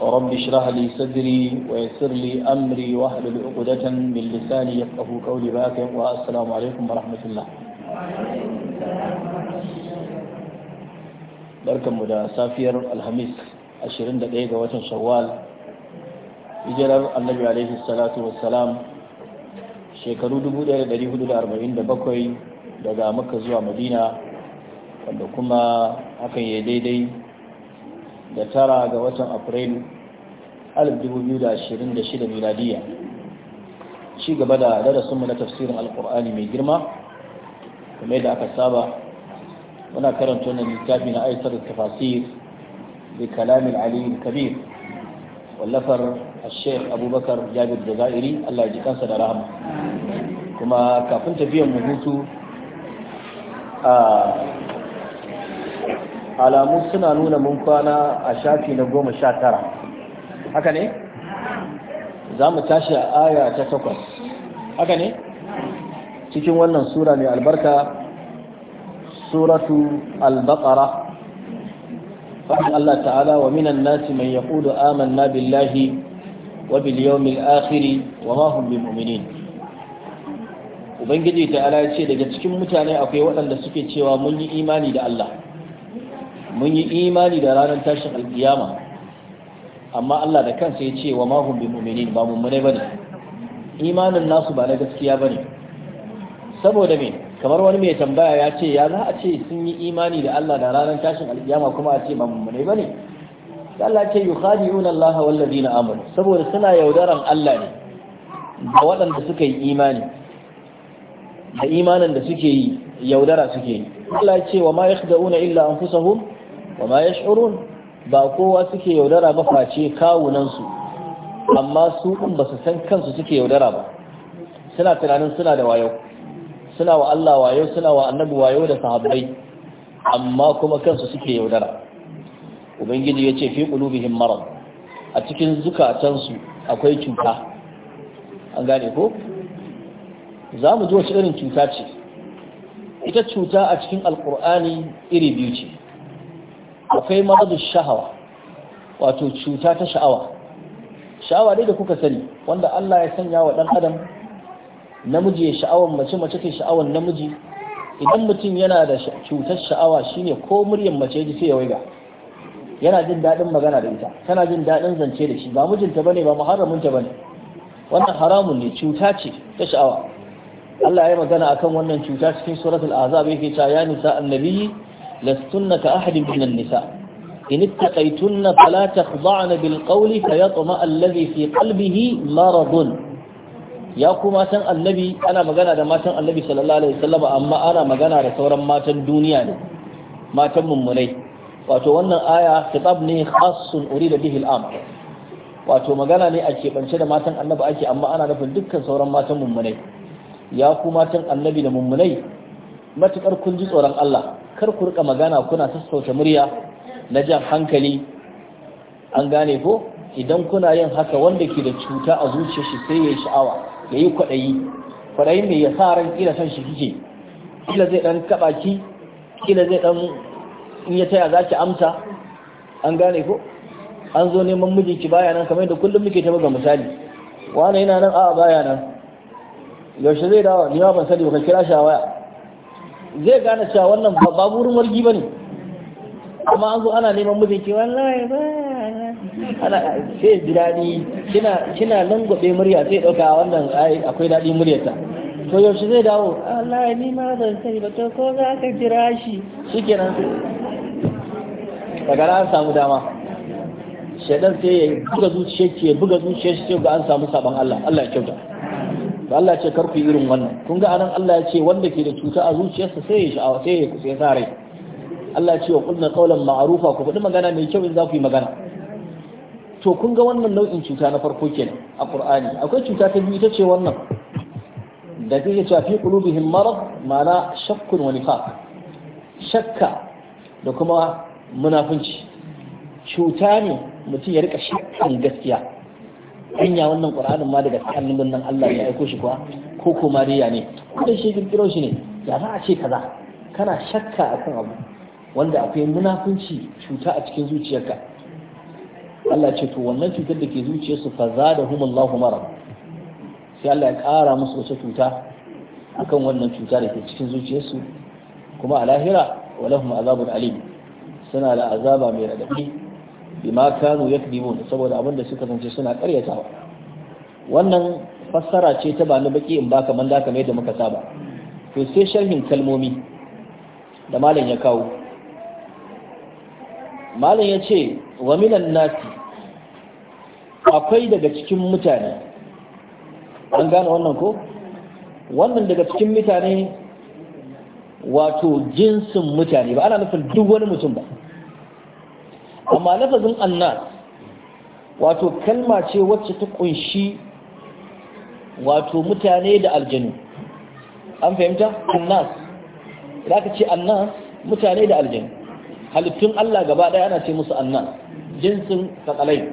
رب اشرح لي صدري ويسر لي أمري واحلل عقدة من لساني يفقه قولي باك والسلام عليكم ورحمة الله barkan mu da safiyar alhamis 21 ga watan shawwal hijirar annabi alaihi salatu wassalam shekaru bakwai daga makka zuwa madina wanda kuma hakan ya daidai da tara ga watan afrilu 2026 miladiya ci gaba da mu na tafsirin alkur'ani mai girma kuma da aka saba muna karanta wannan littafi na aisar tafasir da kalamin aliyu kabir wallafar الشيخ Abubakar بكر جابر Allah الله da Rahama kuma kafin كافن mu hutu a. alamu suna nuna mun kwana a shafi na goma sha tara haka ne za mu tashi a aya ta takwas haka ne cikin wannan sura mai albarka suratu al-baqara Allah ta'ala wa minan nasi man yaqulu amanna billahi wa bil yawmil wa ma hum ubangiji ta'ala ya ce daga cikin mutane akwai waɗanda suke cewa mun yi imani da Allah mun yi imani da ranar tashin alkiyama amma Allah da kansa ya ce wa mahum bi mu'minin ba mummune ba ne. imanin nasu ba na gaskiya bane saboda me kamar wani mai tambaya ya ce ya za a ce sun yi imani da Allah da ranar tashin alkiyama kuma a ce ba mummune ba ne? bane Allah ce yukhadi'una Allah wal na amanu saboda suna yaudaran Allah ne da waɗanda suka yi imani da imanin da suke yi yaudara suke yi Allah ce wa ma yakhda'una illa an anfusahum wa ma yash'urun ba kowa suke yaudara ba face kawunan su amma su din ba su san kansu suke yaudara ba suna tunanin suna da wayo suna wa Allah wayo suna wa annabi wayo da sahabbai amma kuma kansu suke yaudara ubangiji ya ce fi qulubihim marad a cikin zukatansu akwai cuta an gane ko za mu ji wasu irin cuta ce ita cuta a cikin alkur'ani iri biyu ce akwai maradu sha'awa, wato cuta ta sha'awa sha'awa dai da kuka sani wanda Allah ya sanya wa ɗan adam namiji ya sha'awan mace mace ke sha'awan namiji idan mutum yana da cutar sha'awa shine ko muryar mace ji sai ya waiga yana jin daɗin magana da ita tana jin daɗin zance da shi ba mijinta bane ba muharraminta bane wannan haramun ne cuta ce ta sha'awa Allah ya yi magana akan wannan cuta cikin suratul azab yake cewa ya nisa annabi lastunna ka ahadin minan nisa in ittaqaytunna fala takhda'na bil qawli fayatma alladhi fi qalbihi maradun ya kuma san annabi ana magana da matan annabi sallallahu alaihi wasallam amma ana magana da sauran matan duniya ne matan mummunai wato wannan aya kitab ne khassun urida bihi al-am wato magana ne a keɓance da matan annabi ake amma ana nufin dukkan sauran matan mummunai ya ku matan annabi da mummunai matukar kun ji tsoron Allah kar ku rika magana kuna sassauta murya na jan hankali an gane ko idan kuna yin haka wanda ke da cuta a zuciyar shi sai ya yi sha'awa ya yi kwaɗayi kwaɗayi mai ya sa ran kila san shi kike kila zai ɗan kaɓa ki kila zai ɗan in ya taya za ki amsa an gane ko an zo neman mijinki baya nan kamar yadda kullum muke ta buga misali wani yana nan a'a baya nan yaushe zai dawo ni ma ban sani ba ka kira shi a waya zai gane cewa wannan babu wurin wargi ba ne amma an zo ana neman mutum ke wallahi ba ana sai ji kina nan gobe murya sai ɗauka wannan akwai daɗi muryarta to yaushe zai dawo wallahi ni ma da sai ba to ko za ka jira shi shikenan daga an samu dama shaidan sai ya buga zuciyar ya buga zuciyar sai ga an samu sabon Allah Allah ya kyauta da Allah ce karku irin wannan kun ga anan Allah ya ce wanda ke da cuta a zuciyarsa sai ya sha'awa sai ya kusa sa rai Allah ce wa kulna qawlan ma'rufa ku kuɗi magana mai kyau in za ku yi magana to kun ga wannan nau'in cuta na farko kenan a Qur'ani akwai cuta ta biyu ita ce wannan da take cewa fi qulubihim marad ma'ana shakkun wa nifaq shakka da kuma munafunci cuta ne mutum ya rika shakkan gaskiya hanya wannan qur'anin ma daga annabin nan Allah ya aiko shi kuwa ko ko mariya ne kudin shi kirkiro shi ne ya za a ce kaza kana shakka akan abu wanda akwai munafunci cuta a cikin zuciyarka Allah ce to wannan cutar da ke su fa da Allahu mara, sai Allah ya ƙara musu wata cuta kan wannan cuta da ke cikin zuciyarsu kuma a lahira walahum azabun alim suna da azaba mai radadi bima kanu yakdibun saboda abin da suka zance suna karyatawa wannan fassara ce ta ba baki in baka manda ka kamar yadda muka saba to sai sharhin kalmomi da malam ya kawo malam ya ce wa minan nasi akwai daga cikin mutane an gane wannan ko wannan daga cikin mutane wato jinsin mutane ba ana nufin duk wani mutum ba amma lafazin annan, wato kalma ce wacce ta kunshi wato mutane da aljanu an fahimta annas za ka ce annas mutane da aljanu halittun Allah gaba ɗaya ana ce musu annas jinsin sakalai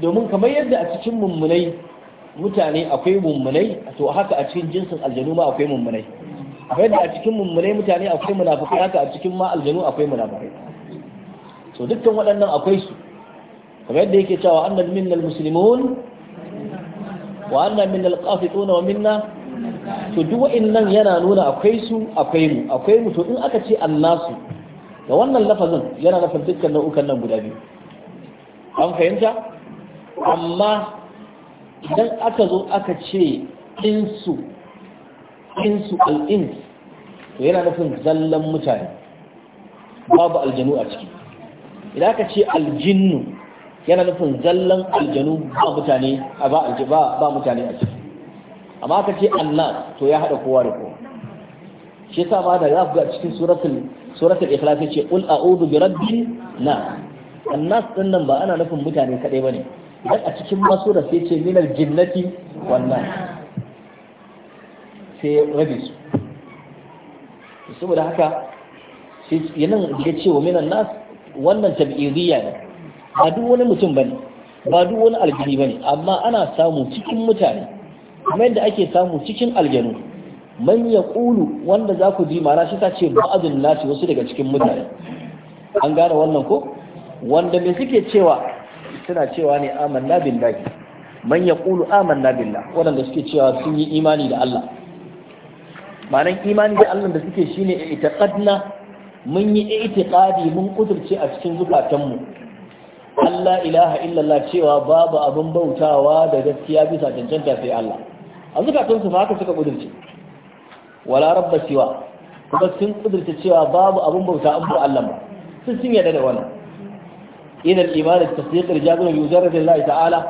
domin kamar yadda a cikin mummunai mutane akwai mummunai to haka a cikin jinsin aljanu ma akwai mummunai yadda a cikin mummunai mutane akwai munafukai haka a cikin ma aljanu akwai munafukai so dukkan waɗannan akwai su kamar yadda yake cewa anna minna almuslimun wa anna minna alqasituna wa minna to in nan yana nuna akwai su akwai mu akwai mu to in aka ce annasu da wannan lafazin yana nufin dukkan nau'ukan nan guda biyu an fahimta amma idan aka zo aka ce insu insu al'ins to yana nufin zallan mutane babu aljanu a ciki idan aka ce aljinnu yana nufin zallan aljanu ba mutane a ba aljiba ba mutane a ciki amma aka ce annas to ya hada kowa da kowa shi yasa ma da za ku ga cikin suratul suratul ikhlas yace qul a'udhu bi rabbi na. annas din nan ba ana nufin mutane kadai bane dan a cikin masu da sai ce minal jinnati wannan sai rabi su saboda haka yanan ya ce wa minan nas wannan tab'idiyya ne ba duk wani mutum bane ba duk wani aljini bane amma ana samu cikin mutane kuma yadda ake samu cikin aljanu man kulu wanda za ku ji mara shi ta ce ba'adun nasi wasu daga cikin mutane an gane wannan ko wanda me suke cewa suna cewa ne amanna billahi man yaqulu amanna billah wanda suke cewa sun yi imani da Allah Manan imani da Allah da suke shine itaqadna mun yi itiqadi mun kudurce a cikin zukatanmu Allah ilaha illallah cewa babu abin bautawa da gaskiya bisa cancanta sai Allah a zukatansu fa haka suka kudurce wala rabba siwa kuma sun kudurce cewa babu abin bauta an ba Allah ba sun sun yarda da wannan idan imani tasdiq al-jabr bi mujarrad Allah ta'ala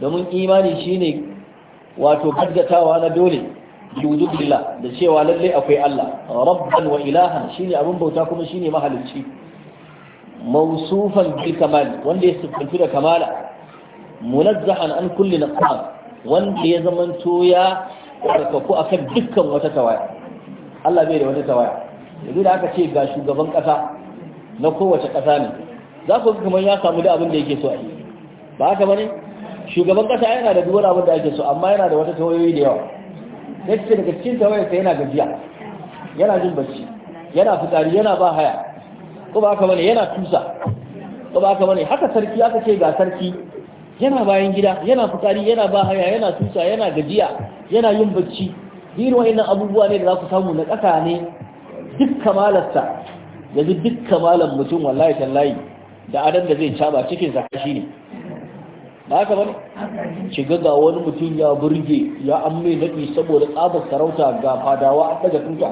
domin imani shine wato gaggatawa na dole biwujudillah da cewa lalle akwai Allah rabban wa ilahan shine abin bauta kuma shine mahalicci mausufan bil kamal wanda ya sifantu da kamala munazzahan an kulli naqsan wanda ya zamanto ya karkaku akan dukkan wata tawaya Allah bai da wata tawaya yanzu da aka ce ga shugaban kasa na kowace kasa ne za ku kamar ya samu da abin da yake so a yi ba haka bane shugaban kasa yana da duk abin da ake so amma yana da wata tawayoyi da yawa ya ce daga cikin ta yana gajiya yana jin bacci yana fitsari yana ba haya ko ba haka bane yana tusa ko ba haka bane haka sarki aka ce ga sarki yana bayan gida yana fitsari yana ba haya yana tusa yana gajiya yana yin bacci irin wa'annan abubuwa ne da za ku samu na ƙasa ne duk kamalarsa yanzu duk kamalar mutum wallahi tallahi da adam da zai caba cikin shi ne ba haka bane shiga ga wani mutum ya burge ya an mai nadi saboda tsabar sarauta ga fadawa an daga tuta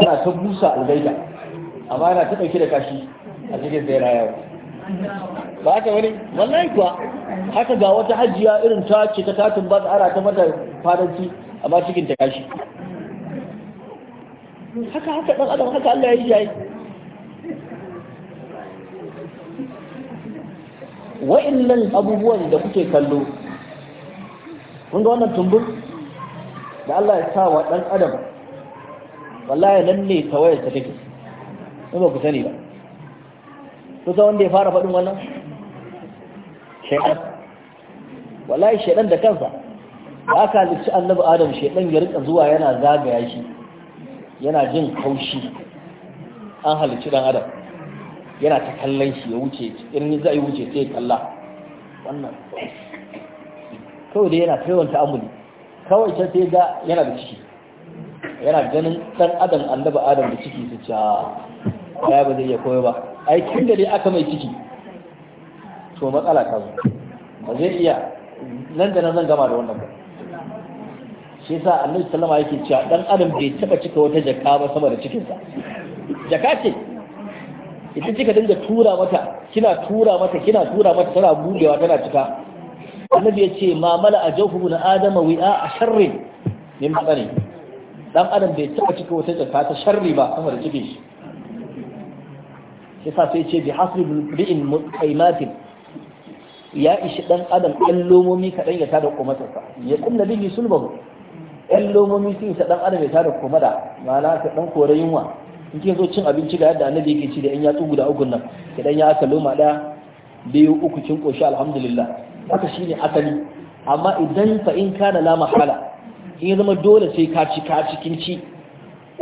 ana ta busa algaida amma yana ta dauke da kashi a cikin tsera yau ba haka bane wallahi kuwa haka ga wata hajiya irin ta ce ta katin ba ana ta mata fadanci amma cikin ta kashi haka haka dan adam haka Allah ya yi wa'annan abubuwan da kuke kallo kun ga wannan tumbur da Allah ya sa wa dan adam wallahi nan ne tawayar ta take in ba ku sani ba to sai wanda ya fara faɗin wannan shaytan wallahi shaytan da kansa ba aka halicci annabi adam shaytan ya rika zuwa yana zagaya shi yana jin kaushi an halicci dan adam yana ta kallon shi ya wuce irin za a yi wuce sai ya kalla wannan kawai dai yana ta amuli kawai ta sai ga yana da ciki yana ganin dan adam annabi adam da ciki su ca ah, ya ba zai iya koyo ba ai kin da dai aka mai ciki to matsala ka zo ba zai iya nan da nan zan gama da wannan ba shi yasa annabi sallama yake cewa dan adam bai taba cika wata jaka ba sama da cikinsa jaka ce ita kika dinga tura mata kina tura mata kina tura mata tana gudewa tana cika annabi ya ce ma mala a jawfu na adama wi'a a sharrin ne matsani dan adam bai taba cika wata jaka ta sharri ba kuma da cike shi yasa sai ce bi hasri bi'in mutaimatin ya ishi dan adam ɗan lomomi kaɗan ya tada komatarsa ya kunna bihi sulbahu ɗan lomomi sun isa dan adam ya tada komada ma'ana ka dan korayin wa. in kin zo cin abinci ga yadda annabi yake ci da yan yatsu guda ugun nan idan ya aka loma da biyu uku kin koshi alhamdulillah haka shine asali amma idan fa in kana la mahala in zama dole sai ka ci ka ci kin ci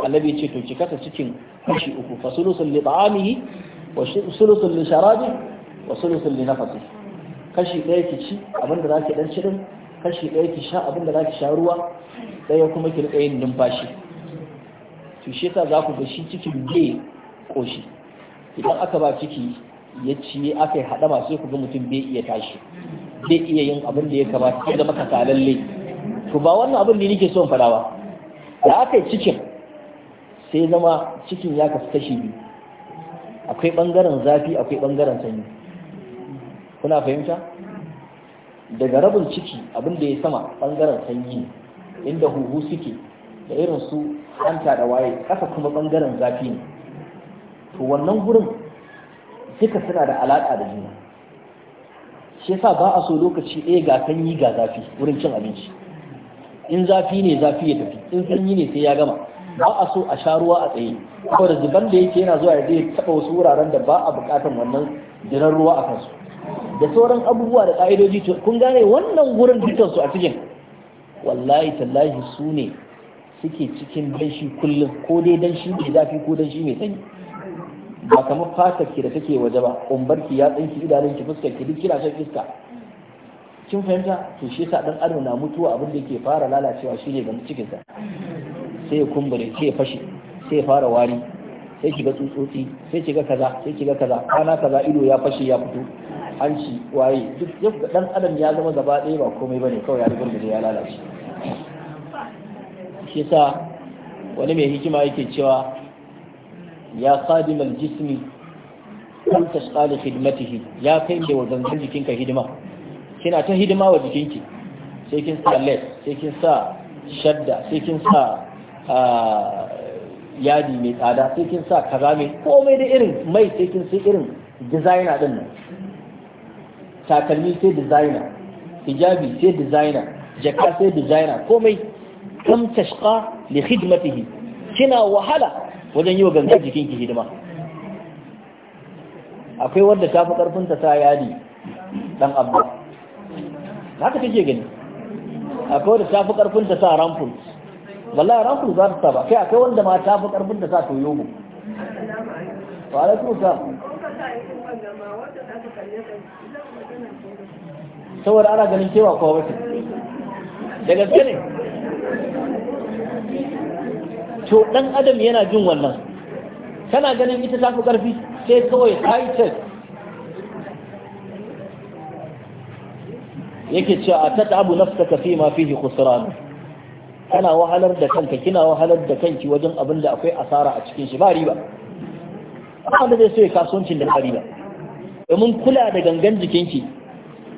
annabi ya ce to ki kasa cikin kashi uku fa sulusul li ta'amihi wa sulusul li sharabi wa sulusul li nafasi kashi daya ki ci abinda zaki dan ci din kashi daya ki sha abinda zaki sha ruwa daya kuma ki rika yin numfashi to shi yasa za ku ga shi cikin bai koshi idan aka ba ciki ya ci aka yi haɗama sai ku ga mutum bai iya tashi bai iya yin abin da ya kamata sai zama talalle to ba wannan abin ne nake son faɗa ba da aka yi cikin sai zama cikin ya kasu kashi biyu akwai ɓangaren zafi akwai ɓangaren sanyi kuna fahimta daga rabin ciki abin da ya sama ɓangaren sanyi inda huhu suke da irin su hanta da waye kasa kuma bangaren zafi ne to wannan gurin duka suna da alaƙa da juna shi yasa ba a so lokaci ɗaya ga sanyi ga zafi wurin cin abinci in zafi ne zafi ya tafi in sanyi ne sai ya gama ba a so a sha ruwa a tsaye saboda zuban da yake yana zuwa ya zai taɓa wasu wuraren da ba a buƙatar wannan jiran ruwa a kansu da sauran abubuwa da ƙa'idoji kun gane wannan gurin dukansu a cikin wallahi tallahi su ne suke cikin danshi kullum ko dai danshi mai zafi ko danshi mai sanyi ba kamar fatar ki da take waje ba umbar ya tsanki idanun ki fuskar ki duk kina shan iska kin fahimta to shi yasa dan adam na mutuwa abin da yake fara lalacewa shine ga cikin sa sai ya kumbure sai ya fashe sai ya fara wari sai ki ga tsutsotsi sai ki ga kaza sai ki ga kaza kana kaza ido ya fashe ya fito An ci waye duk dan adam ya zama gaba ɗaya ba komai bane kawai ya rigar da ya lalace shi sa wani mai hikima yake cewa ya khadimal jismi kan tashqali hidimatihi ya kai da wa zanzan jikinka hidima kina ta hidima wa jikinki sai kin sa led sai kin sa shadda sai kin sa yadi mai tsada sai kin sa kaza mai komai da irin mai sai kin sai irin designer din nan takalmi sai designer hijabi sai designer jaka sai designer komai kam tashqa li khidmatihi kina wahala wajen yi wa gangar jikinki hidima akwai wanda ta fi karfin ta sa yadi dan abba haka take gani akwai wanda ta fi karfin ta sa rampul wallahi rampul za ta sa ba kai akwai wanda ma ta fi karfin ta sa toyobo wa alaikum salam saboda ana ganin cewa kowa wace da gaske ne to ɗan adam yana jin wannan kana ganin ita ta fi ƙarfi sai kawai high-tech yake cewa a ta abu nafsa ka fi ma fihi khusran kana wahalar da kanka kina wahalar da kanki wajen abin da akwai asara a cikin shi ba riba da zai so ya kasuwancin da ba riba domin kula da gangan jikinki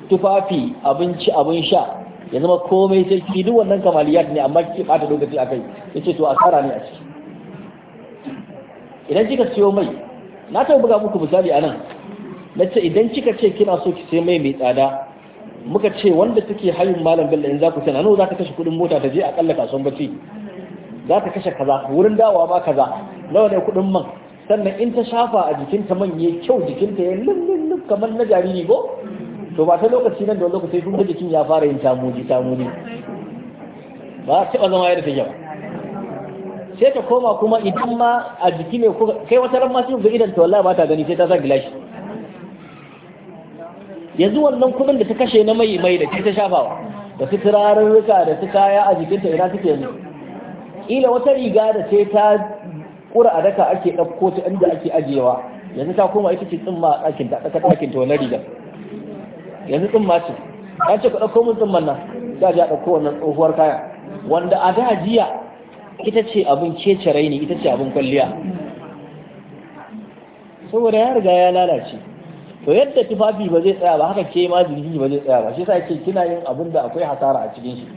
tufafi abinci abin sha ya zama komai sai ki duk wannan kamaliyat ne amma ki bata lokaci akai yace to asara ne a ciki idan kika siyo mai na ta buga muku misali anan, nace idan kika ce kina so ki sai mai mai tsada muka ce wanda take hayin malam bello in za ku sana nawa za ka kashe kudin mota ta je a kallaka son bace za ka kashe kaza wurin dawa ba kaza nawa ne kudin man sannan in ta shafa a jikinta manye kyau jikinta ya lullun kamar na jariri ko to ba ta lokaci nan da lokaci kun ga jikin ya fara yin tamuji tamoji ba ta ba zama yadda take ba sai ta koma kuma idan ma a jiki ne kai wata ran ma sun ga idan ta wallahi ba ta gani sai ta sa gilashi yanzu wannan kudin da ta kashe na mai mai da ta shafawa da su turarurruka da su kaya a jikinta ina suke yanzu ila wata riga da sai ta kura a daka ake ɗauko ta inda ake ajiyewa yanzu ta koma ita ce tsumma a ɗakin ta ɗakin ta wani rigar yanzu tsumma ce ya ce ku ɗauko mun tsumman nan za a ɗauko wannan tsohuwar kaya wanda a da jiya ita ce abin kece raini ita ce abin kwalliya saboda ya riga ya lalace to yadda tufafi ba zai tsaya ba haka ke ma jirgi ba zai tsaya ba shi sa yake kina yin abin da akwai hasara a cikin shi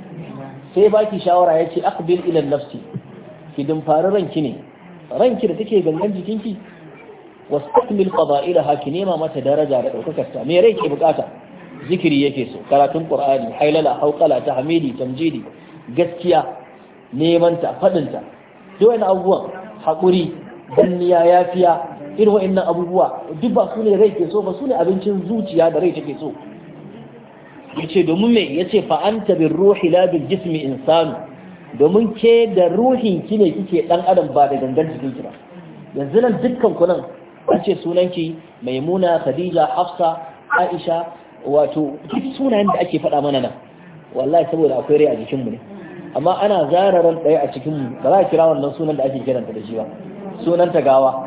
sai baki shawara ya ce aqbil ila nafsi ki dimfari ranki ne ranki da take gangan jikinki wastakmil ha ki nema mata daraja da daukakar me rai ke bukata zikiri yake so karatun qur'ani hailala ta hamidi, tamjidi gaskiya neman ta faɗin ta duk wani abubuwan hakuri danniya yafiya irin wa'annan abubuwa duk ba su ne rai ke so ba su ne abincin zuciya da rai take so yace domin me yace fa anta bir ruhi la bil jismi insanu domin ke da ruhin ki ne kike dan adam ba da gangan jikin ki ba yanzu nan dukkan ku nan an ce sunanki maimuna khadija hafsa aisha wato duk sunayen da ake faɗa mana nan wallahi saboda akwai rai a jikin mu ne amma ana zara ran ɗaya a cikinmu ba za a kira wannan sunan da ake kiranta da shi ba sunan ta gawa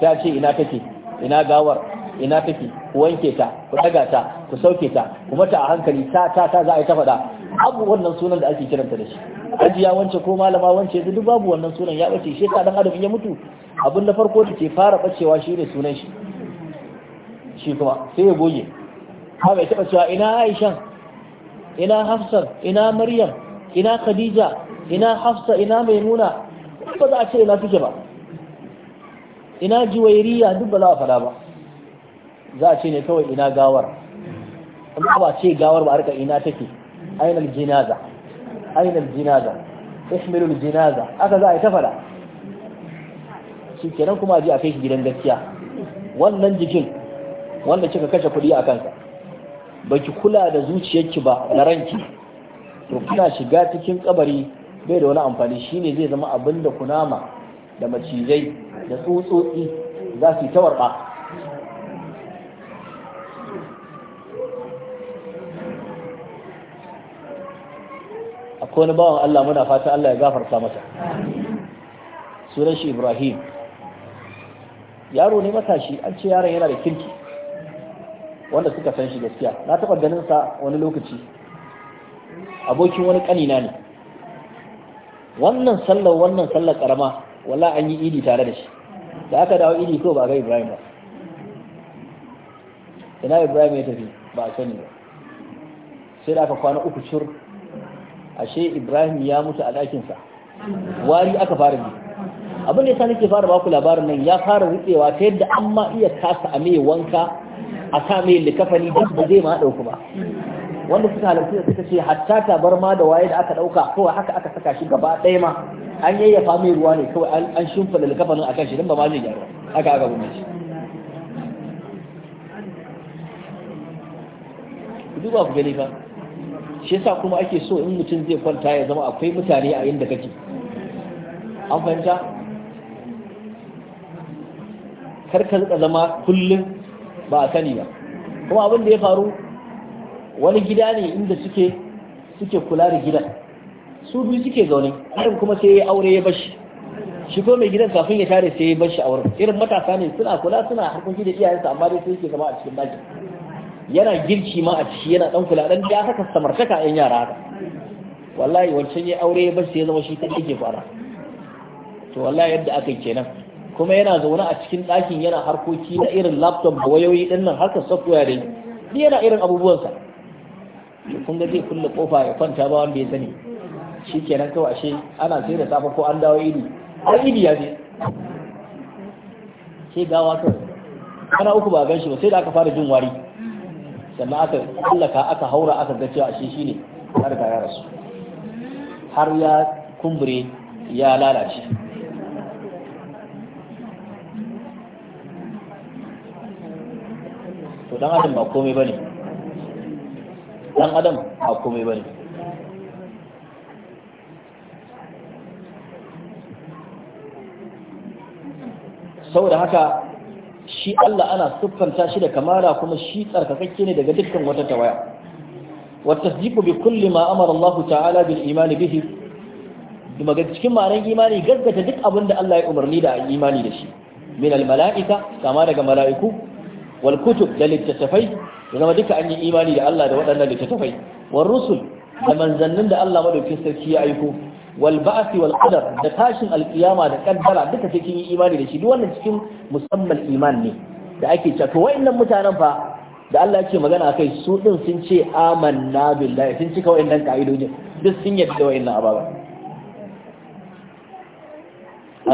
ta ce ina take ina gawar ina take ku wanke ta ku daga ta ku sauke ta kuma ta a hankali ta ta ta za a yi ta faɗa abu wannan sunan da ake kiranta da shi ajiya wance ko malama wance duk babu wannan sunan ya bace shi ka dan adam ya mutu abin da farko da ke fara bacewa ne sunan shi shi kuma sai ya goge haɓe taɓa cewa ina aishan ina hafsar ina maryam ina khadija ina hafsa ina maimuna ba za a ce ina suke ba ina juwairiya duk ba za a faɗa ba za a ce ne kawai ina gawar amma ba ce gawar ba a rika ina take ainihin jinaza ainihin jinaza ihmilul jinaza aka za a yi ta faɗa shi kenan kuma a je a kai shi gidan gaskiya wannan jikin wanda kika kashe kuɗi a kansa baki kula da zuciyarki ba da ranki to kuna shiga cikin kabari bai da wani amfani shine zai zama abin da kunama da macizai da tsutsotsi za su yi ta warba akwai wani bawan Allah muna fata Allah ya gafarta masa sunan shi Ibrahim yaro ne matashi an ce yaron yana da kirki wanda suka san shi gaskiya na taɓa ganin sa wani lokaci abokin wani ƙanina ne wannan sallar wannan sallar ƙarama wala an yi idi tare da shi da aka dawo idi ko ba ga ibrahim ba ina ibrahim ya tafi ba a sani ba sai da aka kwana uku cur ashe ibrahim ya mutu a ɗakinsa wari aka fara bi abin da ya sa nake fara baku labarin nan ya fara rutsewa ta yadda an ma iya kasa a mai wanka a sa mai likafani duk ba zai ma ɗauku ba wanda suka halarci da suka ce hatta bar ma da waye da aka ɗauka kawai haka aka saka shi gaba ɗaya ma an yayyafa mai ruwa ne kawai an shimfida likafanin a kan shi don ba ma zai gyaru haka aka gumi shi duba ku gani ba. shi yasa kuma ake so in mutum zai kwanta ya zama akwai mutane a inda kake an fahimta kar ka zama kullum ba a sani ba kuma abin da ya faru wani gida ne inda suke suke kula da gidan su biyu suke zaune harin kuma sai ya aure ya bashi shi ko mai gidan kafin ya tare sai ya bashi a wurin irin matasa ne suna kula suna harkoki da iyayensa amma dai sai yake zama a cikin daji yana girki ma a ciki yana dan kula dan ya haka samartaka yan yara haka wallahi wancan ya aure ya bashi ya zama shi take fara to wallahi yadda aka yi kenan kuma yana zaune a cikin ɗakin yana harkoki na irin laptop da wayoyi ɗin nan harkar software dai ni yana irin abubuwansa to kun ga zai kulle kofa ya kwanta ba wanda ya sani shi kenan kawai ashe ana sai da safa ko an dawo idi har idi ya je Ke gawa kawai ana uku ba gan shi ba sai da aka fara jin wari sannan aka tsallaka aka haura aka ga cewa ashe shi ne har ga ya rasu har ya kumbure ya lalace to dan adam ba komai bane dan adam ba komai bane saboda haka shi Allah ana siffanta shi da kamala kuma shi tsarkakakke ne daga dukkan wata tawaya wa tasdiqu bi kulli ma amara Allah ta'ala bil iman bihi kuma ga cikin ma'anar imani gaggata duk abin da Allah ya umarni da imani da shi min al mala'ika kama daga mala'iku wal kutub da littattafai da zama duka an yi imani da Allah da waɗannan littattafai wal da manzannin da Allah madaukin sarki ya aiko wal ba'thi wal da tashin alkiyama da kaddara duka cikin yi imani da shi duk wannan cikin musamman iman ne da ake cewa to wayannan mutanen fa da Allah yake magana kai su din sun ce amanna billahi sun cika wayannan kaidojin duk sun yadda wayannan ababa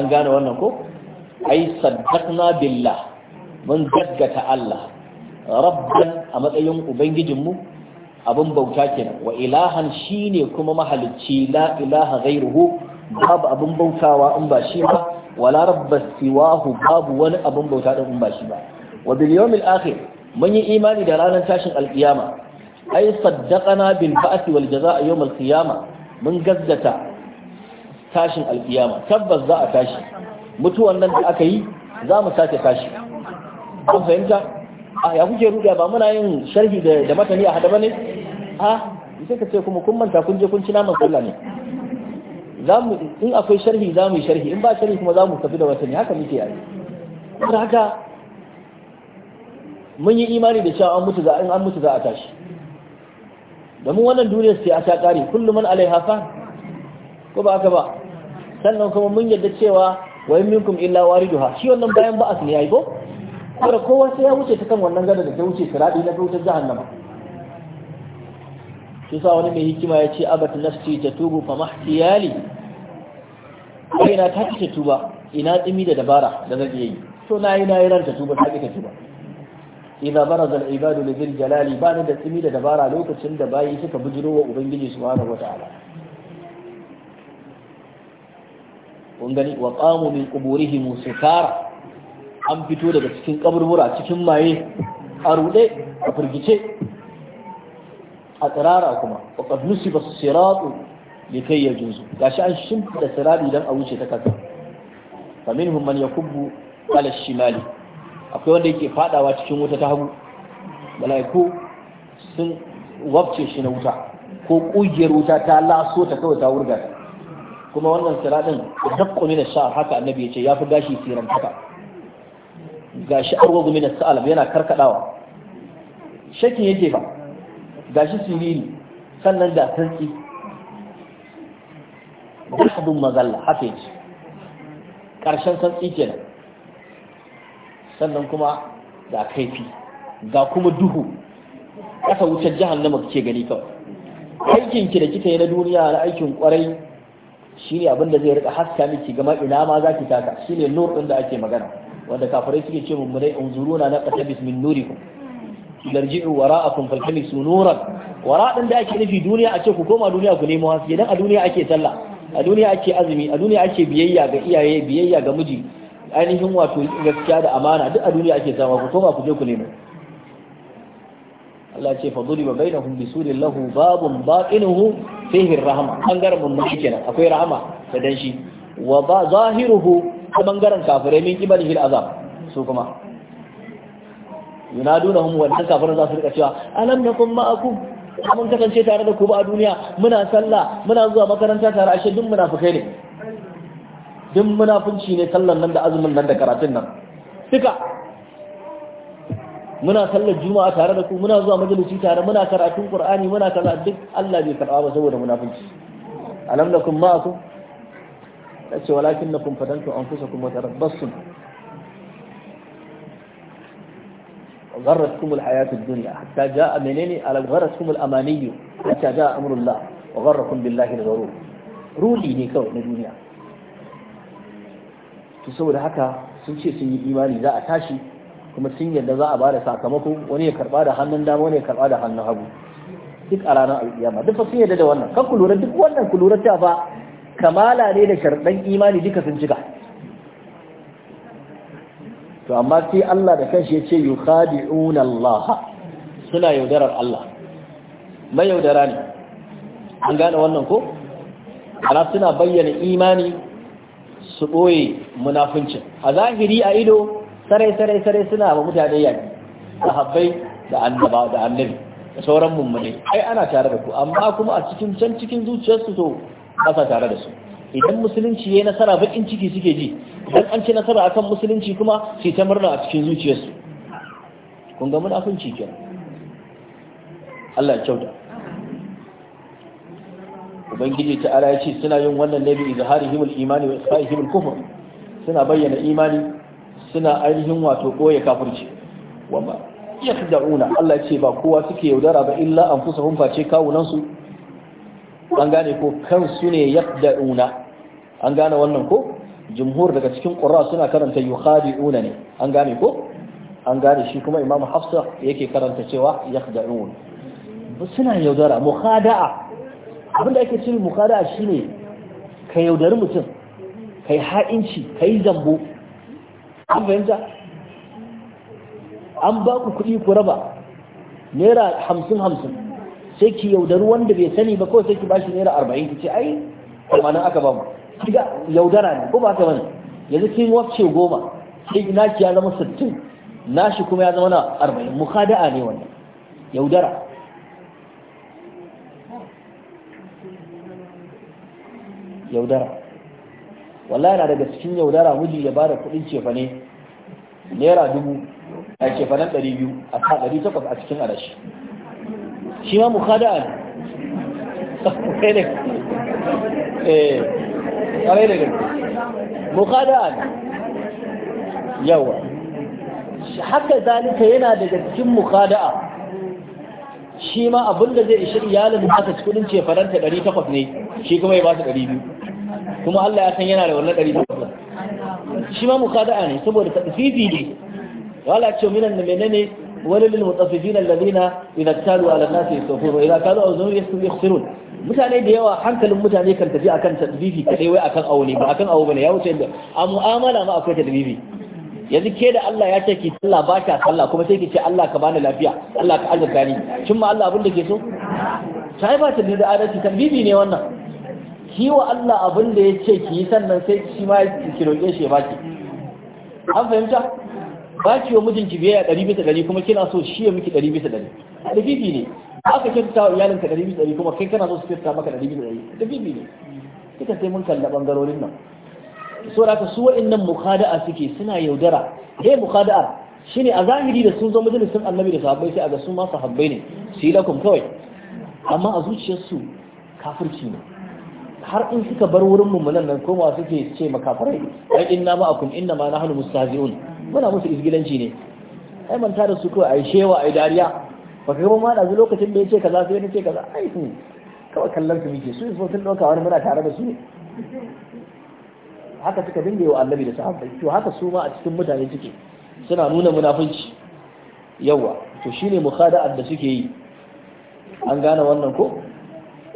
an gane wannan ko ai saddaqna billah mun gaggata Allah rabban a matsayin ubangijinmu abin bauta kenan wa ilahan shine kuma mahalicci la ilaha ghairuhu babu abin bautawa in ba shi ba wala rabba siwahu babu wani abin bauta din in ba shi ba wa bil yawmil akhir mun yi imani da ranar tashin alkiyama ai saddaqana bil ba'thi wal jazaa al qiyama mun gaggata tashin alkiyama tabbas za a tashi mutuwan nan da aka yi za mu sake tashi kun fahimta a ya kuke ruga ba muna yin sharhi da matani a hada bane a sai ka ce kuma kun manta kun je kun ci naman sallah ne zamu in akwai sharhi zamu yi sharhi in ba sharhi kuma zamu tafi da wata ne haka muke yi kuma haka mun yi imani da cewa an mutu za an mutu za a tashi Da mun wannan duniyar sai a ta kare kullum man alaiha fa ko ba haka ba sannan kuma mun yarda cewa wa in illa wariduha shi wannan bayan ba'as ne yayi ko Kuma kowa sai ya wuce ta kan wannan gada da ta wuce siraɗi na wutar jahannama shi sa wani mai hikima ya ce abat nafsi ta tubu fa mahtiyali ko ina ta ta tuba ina tsimi da dabara da zai yi to na yi na yi ran ta tuba ta ta tuba idan baraza al ibadu li dhil jalali ba da tsimi da dabara lokacin da bayi suka bujiro wa ubangiji subhanahu wataala kun gani wa qamu min quburihim kara. an fito daga cikin kaburbura cikin maye a rude a firgice a tsirara kuma wa ba su siratu juzu Ga shi an shimfida sirari dan a wuce ta kasa fa minhum man kubu ala shimali akwai wanda yake fadawa cikin wuta ta hagu malaiku sun wabce shi na wuta ko kugiyar wuta ta laso ta kawai ta wurga kuma wannan siratin da dakko ne sha haka annabi ya ce ya fi gashi haka. Ga shi arwa min as-salam yana karkadawa shakin yake ba gashi siriri sannan da sarki dahdun mazalla haka yake karshen sarki kenan sannan kuma ga kaifi ga kuma duhu kasa wutar jahannama kake gani kawai aikin ki da kika yi na duniya na aikin kwarai shine abin da zai rika haska miki gama ina ma zaki taka shine nur din da ake magana wanda kafirai suke ce mummunai unzuruna na qatabis min nurikum larji'u wara'akum faltamisu nuran wara din da ake nufi duniya a ce ku koma duniya ku nemo haske dan a duniya ake sallah a duniya ake azumi a duniya ake biyayya ga iyaye biyayya ga miji ainihin wato gaskiya da amana duk a duniya ake sama ku koma ku je ku nemo Allah ce faduri ba bainahum bisurin lahu babun baqinuhu fihi rahama bangaren mun kenan akwai rahama da danshi wa zahiruhu ta bangaren kafirai min kibalin hil azab su kuma yunadunahum wannan kafirin za su rika cewa alam nakum ma'akum mun kasance tare da ku ba a duniya muna sallah muna zuwa makaranta tare ashe duk munafikai ne duk munafunci ne sallan nan da azumin nan da karatun nan duka muna sallar juma'a tare da ku muna zuwa majalisi tare muna karatun qur'ani muna kaza duk Allah bai karba ba saboda munafunci alam nakum ma'akum ya ce walakin na kun fadantu an kusa kuma tarabbasun غرتكم الحياة الدنيا حتى جاء منين على غرتكم الأماني حتى جاء أمر الله وغركم بالله الغرور رولي ne kawai na duniya saboda haka sun ce sun yi imani za a tashi kuma sun yadda za a bada sakamako wani ya karba da hannun dama wani ya karba da hannun hagu duk a ranar alƙiyama sun da wannan kan wannan ta fa kamala ne da sharɗan imani duka sun cika to amma sai Allah da kanshi ya ce yukhadi'una Allah suna yaudarar Allah mai yaudara ne an gane wannan ko ana suna bayyana imani su ɓoye munafuncin a zahiri a ido sarai sarai sarai suna ba mutane yaki haɓai da annaba da annabi da sauran mummune ai ana tare da ku amma kuma a cikin can cikin zuciyarsu to ƙasa tare da su idan musulunci ya yi nasara baƙin ciki suke ji idan an ci nasara akan musulunci kuma sai ta murna a cikin zuciyarsu kun ga munafunci kenan Allah ya kyauta ubangiji ta ala ya ce suna yin wannan ne bi izharihim himul imani wa isfahihim himul kufur suna bayyana imani suna ainihin wato koye kafirci iya ma yakhda'una Allah ya ce ba kowa suke yaudara ba illa anfusahum face kawunan su an gane ko kansu ne yabda'una an gane wannan ko jumhur daga cikin ƙura suna karanta yukhadi'una ne an gane ko an gane shi kuma imamu hafsa yake karanta cewa yakhda'un suna yaudara mukhada'a abinda ake cewa mukhada'a ne ka yaudari mutum ka yi ha'inci ka yi zambo an fahimta an ba ku kuɗi ku raba naira hamsin hamsin sai ki yaudaru wanda bai sani ba kawai sai ki bashi naira arba'in ki ce ai nan aka ba mu kiga yaudara ne ko ba haka bane yanzu kin wacce goma sai na ki ya zama sittin nashi kuma ya zama na arba'in mukada'a ne wannan yaudara yaudara wallahi yana daga cikin yaudara miji ya bada kuɗin cefane naira dubu a cefanen ɗari biyu a ɗari takwas a cikin arashi shi ma mukhada'a ne kare eh, da gaske mukhada'a yawa haka zalika yana daga cikin mukhada'a shi ma abinda zai ishi iyalin nasa kudin ce faranta 800 ne shi kuma ya ba su 200 kuma Allah ya san yana da wannan 800 shi ma mukhada'a ne saboda tadfifi ne wala ce minan menene walilil mutaffifin alladhina idza talu ala an-nasi yastawfun wa idza talu ala an-nasi yakhsirun mutane da yawa hankalin mutane kan tafi akan tadbibi kadai wai akan awo ne ba akan awo bane ya wuce da a mu'amala ma akwai tadbibi yanzu ke da Allah ya ce ki sallah ba ta sallah kuma sai ki ce Allah ka bani lafiya Allah ka azurta ni shin ma Allah abin da ke so sai ba ta da adalci tadbibi ne wannan ki wa Allah abin da ya ce ki sannan sai shi ma ki roƙe shi ya baki an fahimta ba ki wa mijinki biyayya ɗari bisa ɗari kuma kina so shi ya miki ɗari bisa ɗari dabibi ne Ba aka kyautata wa iyalinka ɗari bisa ɗari kuma kai kana so su kyautata maka ɗari bisa ɗari dabibi ne duka sai mun kalla ɓangarorin nan so da su waɗannan mukhada'a suke suna yaudara eh mukhada'a shine a zahiri da sun zo majalisin annabi da sahabbai sai a ga su ma sahabbai ne su yi lakum kawai amma a zuciyarsu kafirci ne har in suka bar wurin mummunan nan koma suke ce makafarai ai inna ma akum inna ma nahnu mustahzi'un muna musu isgilanci ne ai manta da su kawai ai shewa ai dariya ba ka ga ma da lokacin da yace kaza sai ce kaza ai su hmm. kawai kallon su muke su so sun dauka wani muna tare da su ne haka suka dinga yi wa annabi da sahabbai to haka su ma a cikin mutane suke suna nuna munafunci yawa to shine mukhada'ar da suke yi an gane wannan ko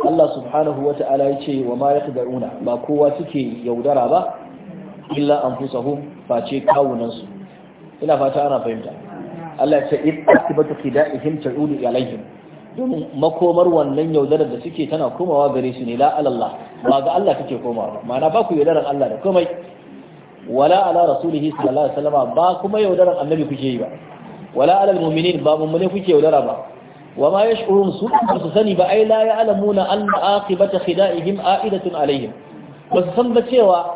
Allah subhanahu wa ta'ala ya ce wa ma gar'una ba kowa suke yaudara ba illa anfusahum face kawunan su ina fata ana fahimta Allah ya ce ibtibatu khida'ihim ta'udu ilaihim domin makomar wannan yaudarar da suke tana komawa gare su ne la alallah ba ga Allah take komawa ba ma'ana ba ku yaudarar Allah da komai wala ala rasulihi sallallahu alaihi wasallam ba kuma yaudarar annabi kuke yi ba wala ala almu'minin ba mummune kuke yaudara ba wa ma su ba su sani ba ai la ya'lamuna anna aqibata khida'ihim a'idatun alaihim ba su san ba cewa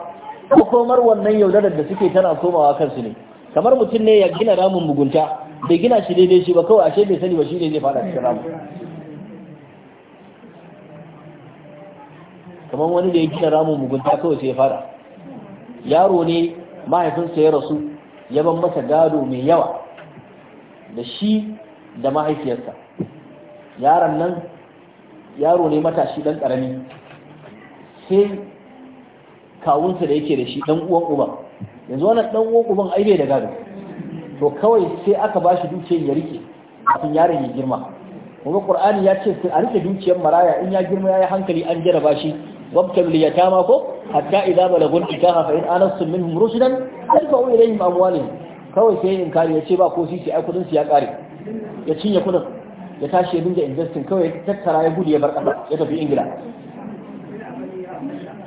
makomar wannan yaudarar da suke tana komawa kansu ne kamar mutum ne ya gina ramin mugunta bai gina shi daidai shi ba kawai ashe bai sani ba shi ne zai fada cikin ramin kamar wani gina ramin mugunta kawai sai ya yaro ne mahaifinsa ya rasu ya ban masa gado mai yawa da shi da mahaifiyarsa yaron nan yaro ne matashi dan karami sai kawunsa da yake da shi dan uwan uba. yanzu wannan dan uwan uban ai bai da gado to kawai sai aka bashi dukiyar ya rike kafin yaron ya girma kuma qur'ani ya ce a rike dukiyar maraya in ya girma yayi hankali an jaraba shi wabtal yatama ko hatta idza balagun nikaha fa in anastum minhum rushdan fadfa'u ilayhim amwalihim kawai sai in kare ya ce ba ko sisi ai kudin su ya kare ya cinye kudin ya tashi ya dinga investing kawai ya tattara ya gudu ya bar ƙasa ya tafi ingila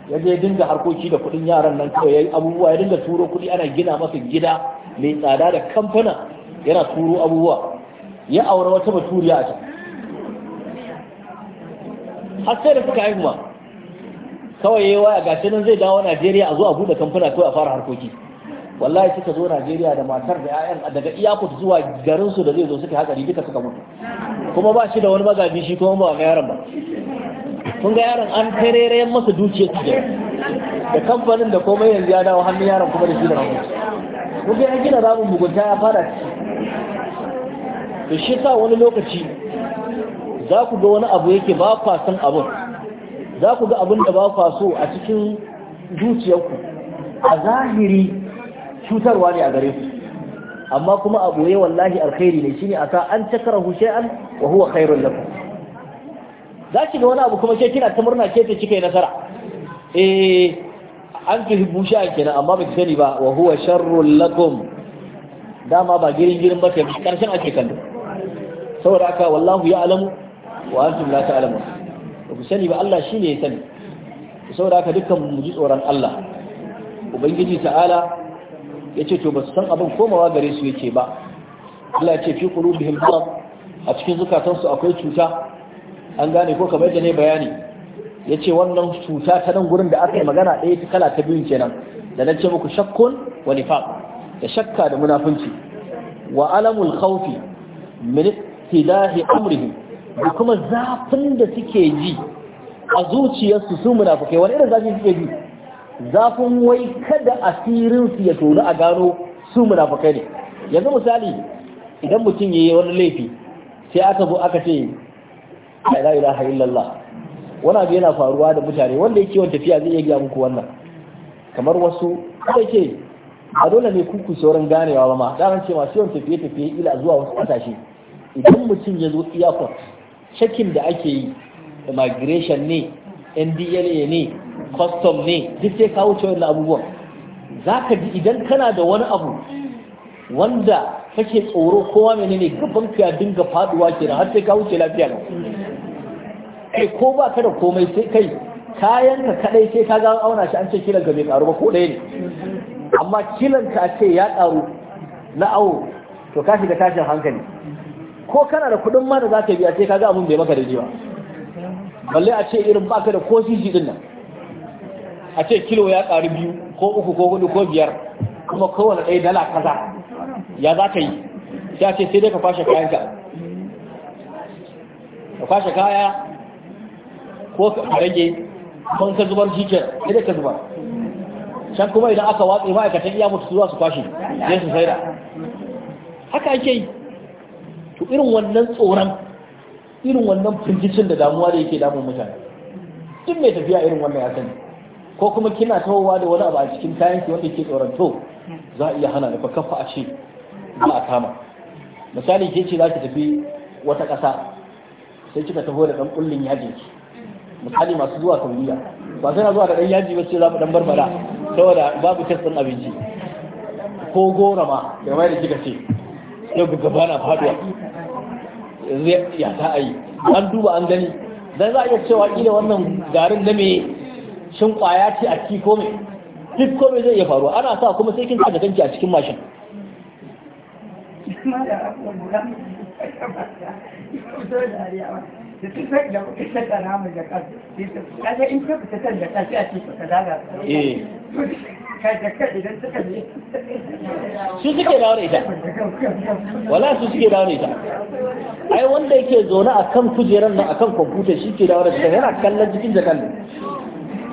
ya je dinga harkoki da kudin yaran nan kawai ya yi abubuwa ya dinga turo kudi ana gina masa gida mai tsada da kamfana yana turo abubuwa ya aura wata baturiya a can har sai da suka haihuwa kawai ya yi waya gashi nan zai dawo Najeriya a zo a buɗe kamfana kawai a fara harkoki wallahi suka zo Najeriya da matar da 'ya'yan daga iyakut zuwa garin su da zai zo suka hakari duka suka mutu kuma ba shi da wani magaji shi kuma ba ga yaron ba kun ga yaron an yan masa dukiya su da Da kamfanin da komai yanzu ya dawo hannun yaron kuma da shi da rahoto. kun ga ya gina ramin mugunta ya fara to shi sa wani lokaci za ku ga wani abu yake ba kwa san abun za ku ga abin da ba kwa so a cikin zuciyarku a zahiri cutarwa ne a gare su amma kuma a boye wallahi alkhairi ne shine aka an takrahu shay'an wa huwa khairul lakum zaki ga wani abu kuma ke kina ta murna ke ce kika nasara eh an tuhibbu shay'an kenan amma ba sani ba wa huwa sharrul lakum dama ba girin girin ba kai karshen ake kallo saboda haka wallahu ya'lamu wa antum la ta'lamun ku sani ba Allah shine ya sani saboda haka dukkan mu ji tsoron Allah ubangiji ta'ala yace to basu san abin komawa gare su yake ba Allah yace fi qulubihim marad a cikin zukatansu akwai cuta an gane ko kamar da ne bayani yace wannan cuta ta nan gurin da aka yi magana ɗaya ta kala ta biyun kenan da nace muku shakkun wa nifaq da shakka da munafunci wa alamul khawfi min ittidahi amrihim da kuma zafin da suke ji a zuciyarsu su munafukai wani irin zafi suke ji zafin wai kada asirin su ya tonu a gano su munafukai ne yanzu misali idan mutum yayi wani laifi sai aka zo aka ce ila hain lalla. wani abu yana faruwa da mutane wanda yake yawan tafiya zai iya gaya muku wannan kamar wasu kai ce a dole ne kuku sauran ganewa ba ma daren ce masu yawan tafiye tafiye ila zuwa wasu kasashe idan mutum ya zo airport cikin da ake yi immigration ne ndla ne custom ne duk sai kawo cewa da abubuwan za ka ji idan kana da wani abu wanda kake tsoro kowa menene gaban ka ya dinga faduwa ke har sai ka ce lafiya ne kai ko ba ka da komai sai kai kayan ka kadai sai ka ga auna shi an ce kilan ka bai karu ba ko ɗaya ne amma kilan ka ce ya karu na awo to ka shiga tashin hankali ko kana da kuɗin ma da za ka biya sai ka ga abun bai maka da jiwa balle a ce irin baka da ko shi din nan a ce kilo ya ƙari biyu ko uku ko hudu ko biyar kuma kowane ɗaya dala kaza ya za ka yi ya ce sai dai ka kwashe kayanka ka kwashe kaya ko ka rage kan ka zubar jikin sai dai ka zubar can kuma idan aka watsi ma'aikatan iya mutu zuwa su kwashe zai su da haka ake yi to irin wannan tsoron irin wannan firgicin da damuwa da yake damun mutane duk mai tafiya irin wannan ya sani ko kuma kina tawowa da wani abu a cikin kayan ki wanda ke tsoranto za a iya hana da kafa a ce ba a kama misali ke ce za ki tafi wata ƙasa sai kika taho da ɗan ƙullin yajin ki misali masu zuwa saudiya ba sai na zuwa da ɗan yaji ba sai za mu ɗan barbara saboda babu kastin abinci ko gora ma game da kika ce yau gaba na faduwa ya ta a yi an duba an gani dan za a iya cewa ƙila wannan garin na me shin kwaya ce a ciki kome duk kome zai iya faruwa ana sa kuma sai kin kada kanki a cikin mashin su suke da da ita wala su suke da da ita ai wanda yake zaune a kan kujerar nan a kan kwamfuta shi ke da da ita yana kallon jikin jakan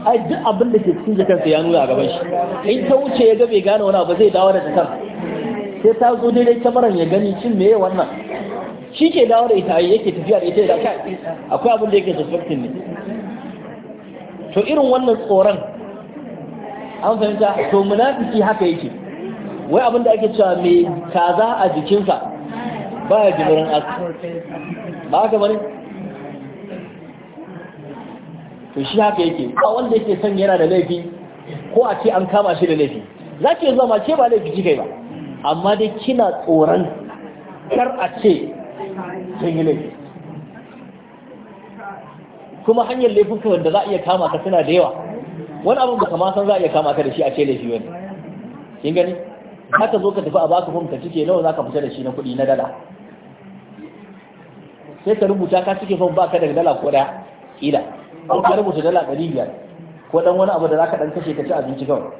Ajiye duk abin da ke cikin jakarsa ya nuna a gaban shi in ta wuce ya ga bai gane wani abu zai dawo da jakar sai ta zo daidai kyamaran ya gani cin meye wannan shi ke dawo da ita yake tafiya da ita da kai akwai abin da yake suspecting ne to irin wannan tsoron an fahimta to munafiki haka yake wai abin da ake cewa mai kaza a jikinsa ba ya jimirin asu ba haka bane to shi haka yake ba wanda yake son yana da laifi ko a ce an kama shi da laifi za ke zama ce ba laifi kika ba amma dai kina tsoron kar a ce sun yi laifi kuma hanyar laifuka wanda za a iya kama ka suna da yawa wani abin baka ma san za a iya kama ka da shi a ce laifi wani kin gani haka zo ka tafi a baka fom ka cike nawa za ka fita da shi na kuɗi na dala sai ka rubuta ka cike fom baka da dala ko daya ƙila ko ka rubuta dala ɗari biyar ko ɗan wani abu da za ka ɗan kashe ka ci abinci kawai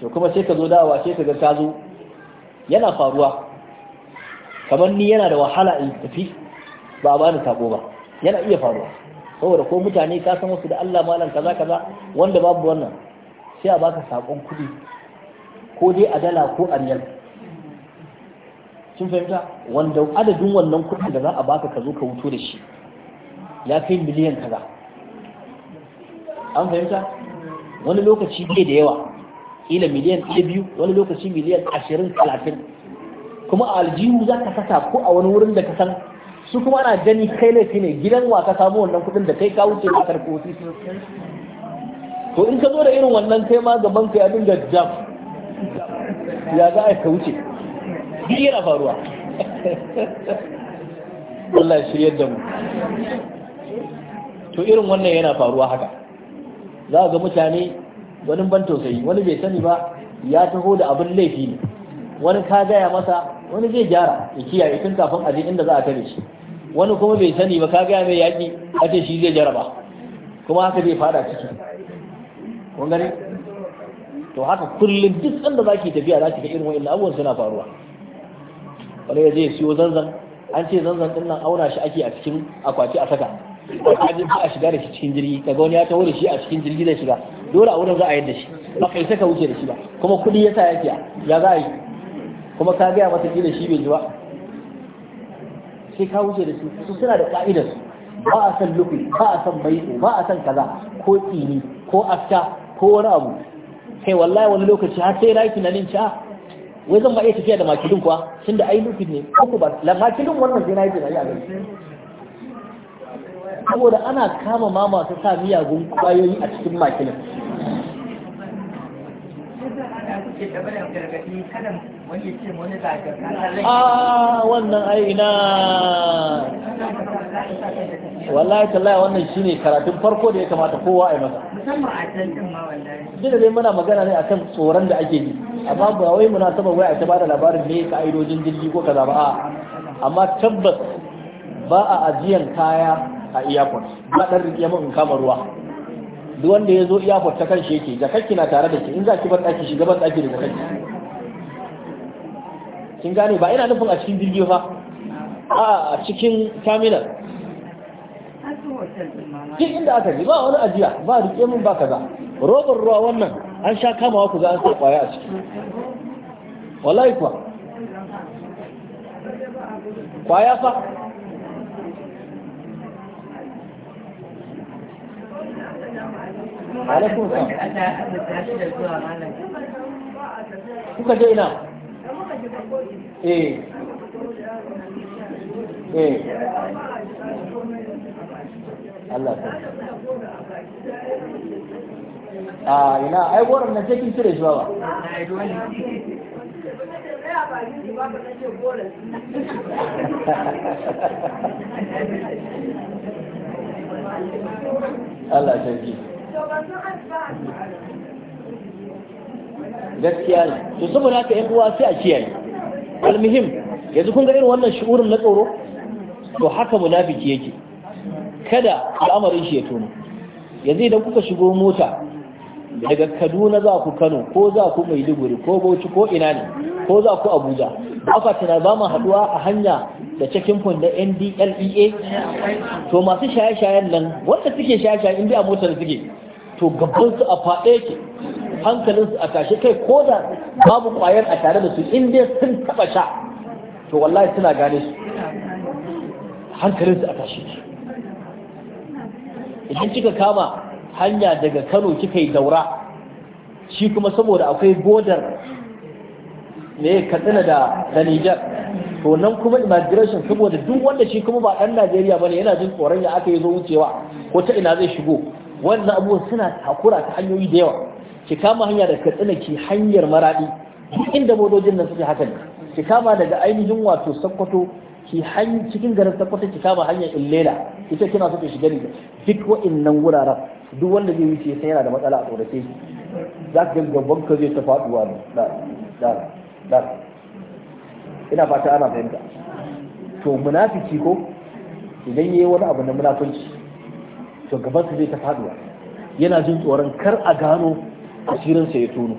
to kuma sai ka zo dawa sai ka ga ka zo yana faruwa kamar ni yana da wahala in tafi ba a bani sako ba yana iya faruwa saboda ko mutane ka san wasu da Allah malam kaza kaza wanda babu wannan sai a baka sakon kuɗi ko dai a dala ko a riyal kin fahimta wanda adadin wannan kuɗin da za a baka ka zo ka wuto da shi ya kai miliyan kaza an fahimta wani lokaci bai da yawa ila miliyan ɗaya biyu wani lokaci miliyan ashirin talatin kuma a aljihu za ka saka ko a wani wurin da ka san su kuma ana gani kai laifi ne gidan wa ka samu wannan kuɗin da kai ka wuce ka karɓo to in ka zo da irin wannan kai ma gaban ka ya dinga jam ya za a ka wuce duk yana faruwa Allah ya yadda mu to irin wannan yana faruwa haka za ga mutane wani ban tausayi wani bai sani ba ya taho da abin laifi ne wani ka gaya masa wani zai gyara ya kiyaye tun kafin a inda za a tare shi wani kuma bai sani ba ka gaya mai yaƙi a ce shi zai jaraba kuma haka zai fada ciki kun gani to haka kullum duk inda za tafiya za ki ga irin wa'in abubuwan suna faruwa wani ya zai siyo zanzan an ce zanzan din nan auna shi ake a cikin akwati a saka ko kaji ba a shiga da shi cikin jirgi kaga wani ya taho da shi a cikin jirgi zai shiga dole a wurin za a yadda shi ba kai ka wuce da shi ba kuma kuɗi yasa yake ya za a yi kuma ka gaya masa kila shi bai ji ba sai ka wuce da shi, su suna da ka'idar ba a san lufi ba a san baiko ba a san kaza ko tsini ko afta ko wani abu kai wallahi wani lokaci har sai raki na ninca wai zan ba iya tafiya da makilin kuwa tunda ai lufi ne ko ba la makilin wannan sai na yi tunani a saboda ana kama ma masu sa miyagun kwayoyi a cikin makilin a ah, wannan aina wallahi tallahi wannan shine karatun farko da ya kamata kowa a yi masa musamman a can ma wallahi duk da dai muna magana ne akan tsoron da ake yi amma ba wai muna saba wai a ta bada labarin ne aidojin jirgi ko kaza ba amma tabbas ba a ajiyan kaya a iyakon ba dan rike mun in kama ruwa duk wanda ya zo iyakon ta kan sheke, yake jakakki na tare da ki in za ki bar daki shiga ban daki da jakakki kin gane ba ina nufin a cikin jirgi fa a cikin terminal duk inda aka ji ba wani ajiya ba rike mun ba kaza robar ruwa wannan an sha kamawa ku za an sa kwaya a ciki wallahi kuwa kwaya fa alaikun sa kuka je ina eh eh Allah ta a ina ai goron nan cikin cire zuwa ba Thank you. Allah gaskiya ne to saboda haka yan uwa sai a kiyaye almuhim yanzu kun ga irin wannan shi'urin na tsoro to haka munafiki yake kada al'amarin shi ya tono yanzu idan kuka shigo mota daga Kaduna za ku Kano ko za ku Maiduguri ko Bauchi ko ina ne ko za ku Abuja ba ka tana ba mu haduwa a hanya da cikin fund da ndlea to masu shaye-shayen nan wanda suke shaye shayen inda a motar suke to su a faɗe ke su a tashi kai ko da babu ƙwayar a tare da su in dai sun taɓa sha to wallahi suna gane su hankalinsu a tashi idan kika kama hanya daga kano kika yi daura shi kuma saboda akwai bodar ne katsina da da to nan kuma immigration saboda duk wanda shi kuma ba ɗan Najeriya bane yana jin tsoron ya aka yi zo wucewa ko ta ina zai shigo wannan abu suna takura ta hanyoyi da yawa ki kama hanya da katsina ki hanyar maradi inda bodojin nan suke haka ne ki kama daga ainihin wato Sokoto ki hanyi, cikin garin Sokoto ki kama hanyar Illela ita kina so ki shiga ne duk wa'annan wuraren duk wanda zai wuce sai yana da matsala a tsorace za ka ga gaban ka zai ta faduwa ne da da ina fata ana fahimta to munafiki ko idan yayi wani abu na munafunci to gaban su zai ta faduwa yana jin tsoron kar a gano asirin sa ya tono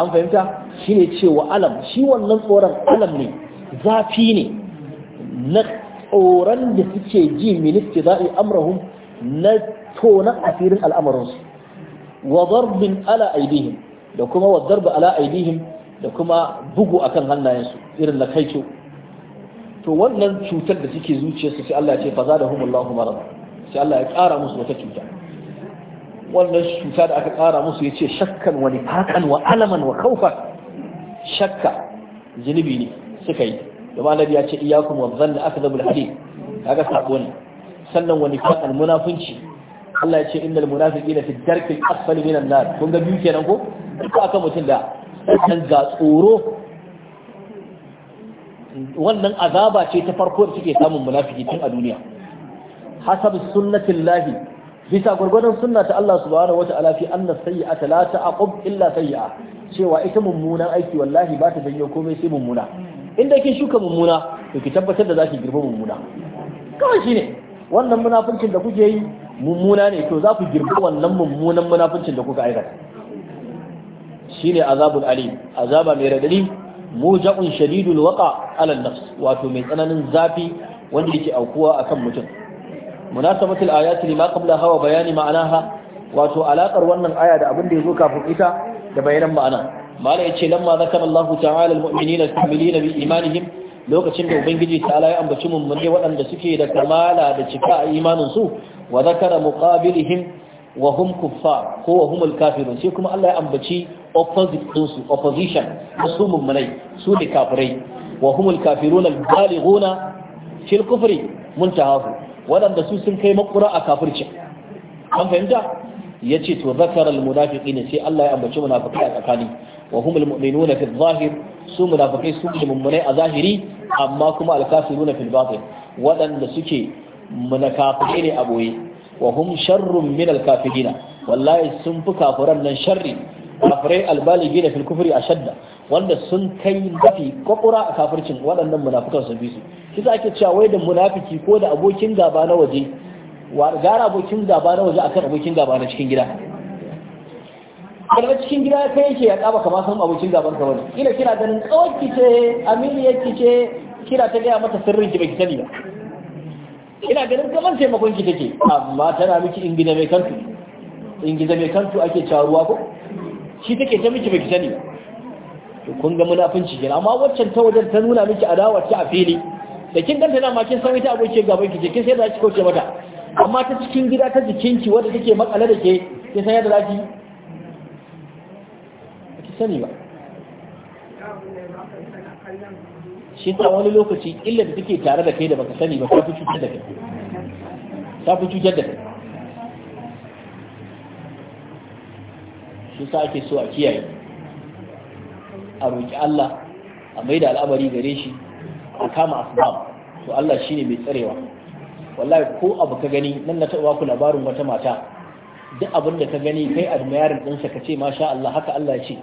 an fahimta shine cewa alam shi wannan tsoron alam ne zafi ne na tsoron da suke ji ministi za'i amrahum na tona asirin al'amarinsu wa darbin ala aidihim da kuma wa darba ala aidihim da kuma bugu akan hannayensu irin na kai to wannan cutar da suke zuciyarsu sai Allah ya ce faza da humullahu marad sai Allah ya ƙara musu wata cuta wannan cuta da aka ƙara musu ya ce shakkan wani faƙan wa alaman wa kaufa shakka zunubi ne suka yi domin ya ce iyakum wa zanna akdabul hadith kaga sako ne sannan wani faƙan munafunci Allah ya ce munafiki na fi darkil asfali minan nar kun ga biyu kenan ko duk aka mutum da dan ga tsoro wannan azaba ce ta farko da suke samun munafiki tun a duniya hasab lahi. bisa gurgurdan sunna ta Allah subhanahu wata'ala fi anna sayyi'ata la ta'qub illa sayyi'a cewa ita mummunan aiki wallahi ba ta janyo komai sai mummuna inda kin shuka mummuna to ki tabbatar da zaki girba mummuna kawai shine wannan munafincin da kuke yi mummuna ne to za ku girbi wannan mummunan munafincin da kuka aikata shine azabul alim azaba mai radadi muja'un shadidul waqa ala nafs wato mai tsananin zafi wanda yake aukuwa akan mutum munasabatul ayati lima qabla hawa bayani ma'anaha wato alaƙar wannan aya da abin da yazo kafin ita da bayanan ma'ana mala yace lamma zakara Allahu ta'ala almu'minina alkamilina bi imanihim lokacin da ubangiji ta'ala ya ambaci mummune waɗanda suke da kamala da cika a imanin su wa zakara muqabilihim wa hum kuffar ko wa humul kafirun sai kuma Allah ya ambaci opposite din su opposition su mummunai su ne kafirai wa humul kafirun al-balighuna fil kufri muntahahu wadanda su sun kai makura a kafirci an fahimta yace to zakara al-munafiqina sai Allah ya ambaci munafiqai a tsakani wa humul mu'minuna fi zahir su munafiqai su ne mummunai a zahiri amma kuma al-kafiruna fil batin wadanda suke munafiqai ne a boye wa hum sharrun min al kafirin wallahi sun fi kafiran nan sharri kafirai albaligi da fil kufri ashadda wanda sun kai dafi kokura a kafircin waɗannan munafikan sun bi su kisa ake cewa wai da munafiki ko da abokin gaba na waje wa gara abokin gaba na waje akan abokin gaba na cikin gida daga cikin gida kai yake ya kaba kama san abokin gaban ka wani kila kina ganin tsawon ki ce amini yake ce kira ta gaya mata sirrin ki baki sani ba ina ganin kamar taimakon ki take amma tana miki ingiza mai kantu ingiza mai kantu ake caruwa ko shi take ta miki baki sani to kun ga munafinci kenan amma waccan ta wajen ta nuna miki adawar ta a fili da kin ganta na ma kin san ita abokin gaban ki kin sai da ki kauce mata amma ta cikin gida ta jikinki wanda take makale da ke sai san yadda zaki ki sani ba shi ta wani lokaci illa da take tare da kai da baka sani ba ta cutar da kai ta cutar da kai shi sa ake so a kiyaye a roƙi Allah a mai da al'amari gare shi a kama asbab to Allah shine mai tsarewa wallahi ko abu ka gani nan na taɓa ku labarin wata mata duk abin da ka gani kai admiring ɗinsa ka ce masha Allah haka Allah ya ce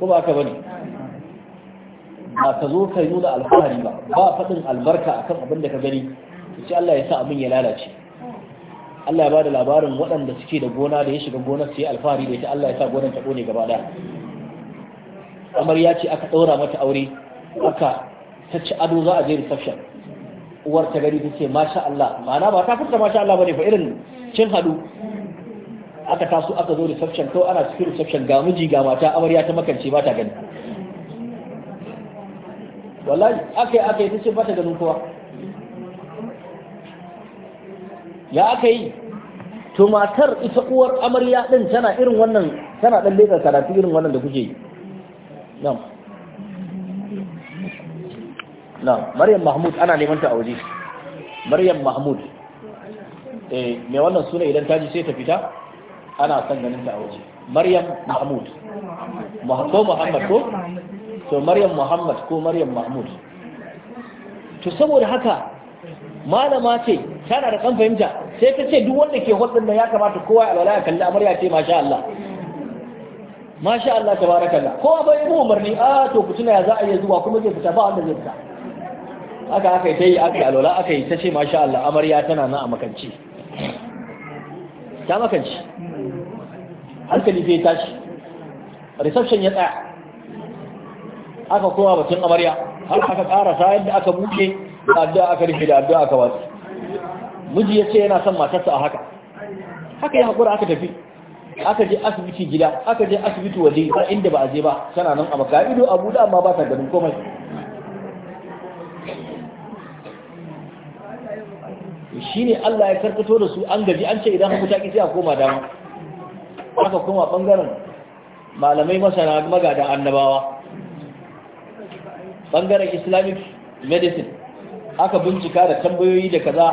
ko ba haka bane ba ka zo ka nuna alfahari ba ba faɗin albarka akan abin da ka gani ce Allah ya sa abin ya lalace Allah ya bada labarin waɗanda suke da gona da ya shiga gonar su yi alfahari da ita Allah ya sa gonar ta ƙone gaba ɗaya kamar ya ce aka ɗaura mata aure aka ta ci ado za a je reception uwar ta gari ta ce masha Allah ma'ana ba ta furta masha Allah bane fa irin cin hadu aka taso aka zo reception to ana cikin reception ga miji ga mata amarya ta makance ba ta gani wallahi aka yi aka yi ta ce bata ganin kowa ya aka yi to matar ita uwar amarya din tana irin wannan tana dan leka karatu irin wannan da kuke yi na'am na'am maryam mahmud ana neman ta aure maryam mahmud eh me wannan suna idan ta ji sai ta fita ana son ganin ta aure maryam mahmud ko muhammad ko to maryam muhammad ko maryam mahmud to saboda haka malama ce tana da kan fahimta sai ta ce duk wanda ke hudun nan ya kamata kowa ya alwala ya kalli amarya ce masha Allah masha Allah tabarakallah kowa bai mu umarni a to ku tuna ya za a iya zuwa kuma zai fita ba wanda zai fita aka aka ta yi aka alwala aka yi ta ce masha Allah amarya tana nan a makanci ta makanci hankali zai tashi reception ya tsaya aka koma batun amarya har aka karasa yadda aka buke da addu'a aka rufe da addu'a aka wasu miji ya ce yana son matarsa a haka haka ya haƙura aka tafi aka je asibiti gida aka je asibiti waje ba inda ba a je ba tana nan a maka ido abu da amma ba ta ganin komai shi ne Allah ya karkato da su an gaji an ce idan haku taƙi sai a koma dama aka koma ɓangaren malamai masana magada annabawa bangaren islamic medicine aka bincika da tambayoyi da kaza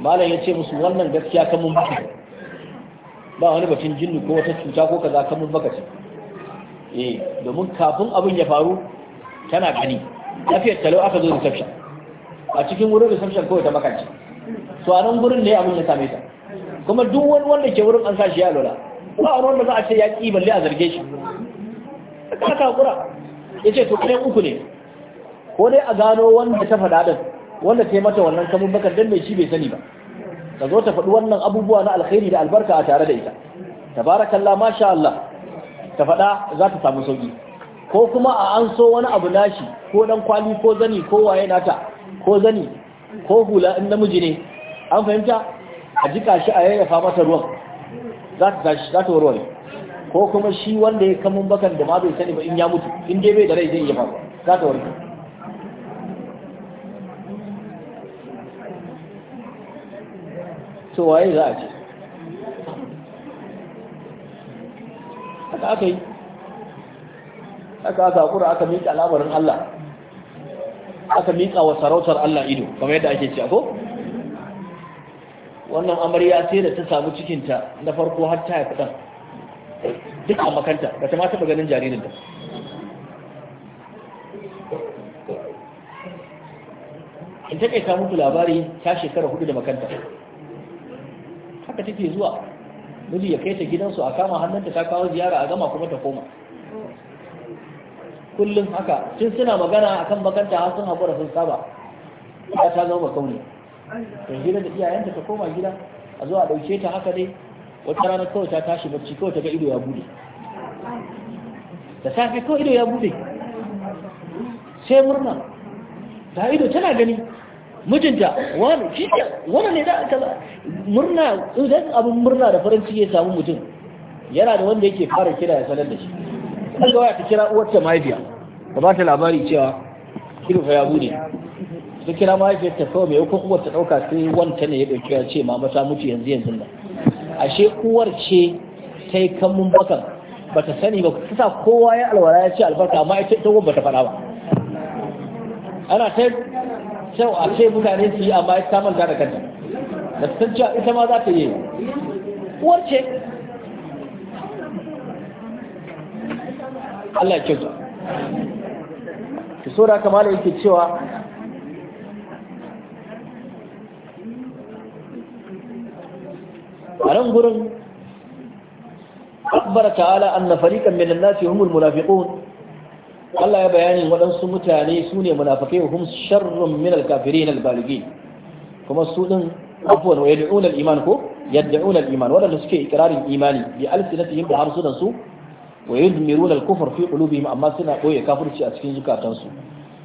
malam ya ce musu wannan gaskiya kan mun baka ba wani batun jinni ko wata cuta ko kaza kan mun baka ce eh domin kafin abin ya faru tana gani lafiyar talau aka zo reception a cikin wurin reception kawai ta makanci to a nan gurin ne abin ya same ta kuma duk wani wanda ke wurin an sashi ya lura ba wani wanda za a ce ya ƙi balle a zarge shi haka hakura ya ce to kai uku ne ko dai a gano wanda ta faɗa ɗin wanda ta yi mata wannan kamun bakar dan mai shi bai sani ba ta zo ta faɗi wannan abubuwa na alkhairi da albarka a tare da ita Ta kalla, masha Allah ta faɗa za ta samu sauki ko kuma a an so wani abu nashi ko dan kwali ko zani ko waye nata ko zani ko hula in namiji ne an fahimta a jika shi a yayyafa masa ruwan za ta tashi za ta warware ko kuma shi wanda ya kamun bakan da ma bai sani ba in ya mutu in dai bai da rai zai iya faruwa za ta warke to waye za a ce haka aka yi haka aka haƙura aka miƙa labarin Allah aka miƙa wa sarautar Allah ido kamar yadda ake cewa ko wannan amarya sai da ta samu cikinta na farko har ta haifi ɗan duk a makanta ba ta ma taɓa ganin jaririnta in ta kai labari ta shekara hudu da makanta haka take zuwa miji ya kai ta gidansu a kama hannunta ta kawo ziyara a gama kuma ta koma kullum haka tun suna magana a kan bakanta har sun haƙura sun saba ya ta zama kauni ta gida da iyayenta ta koma gida a zuwa a ɗauke ta haka dai wata rana kawai ta tashi bacci kawai ta ga ido ya bude da safe kawai ido ya bude sai murna da ido tana gani mijinta wani shi wani ne za a kala? murna idan abin murna da faranci ya samu mutum yana da wanda yake fara kira ya sanar da shi an ga waya ta kira uwarta mahaifiya ta ba ta labari cewa kirfa ya bude ta kira mahaifiyar ta kawai mai ko uwar ta dauka sai wanta ne ya dauki ya ce mama ta mutu yanzu yanzu nan ashe uwar ce ta yi kamun bakan bata sani ba ta sa kowa ya alwala ya ce albarka amma ita ta uwar bata faɗa ba ana ta kyau a ce mutane su yi amma ya samun da kanta da san cewa ita ma za ta yi uwar ce Allah ya kyauta ki so da kamar yake cewa a nan gurin akbar ta'ala anna fariqan minan nasi humul munafiqun Allah ya bayani waɗansu mutane su ne munafakai hum sharrun min al-kafirin al-balighi kuma su din afwan wa yad'una al-iman ko yad'una al-iman waɗanda suke kirarin imani bi alsinatihim da harsunan su wa yudmiruna al-kufr fi qulubihim amma suna koye kafirci a cikin zukatansu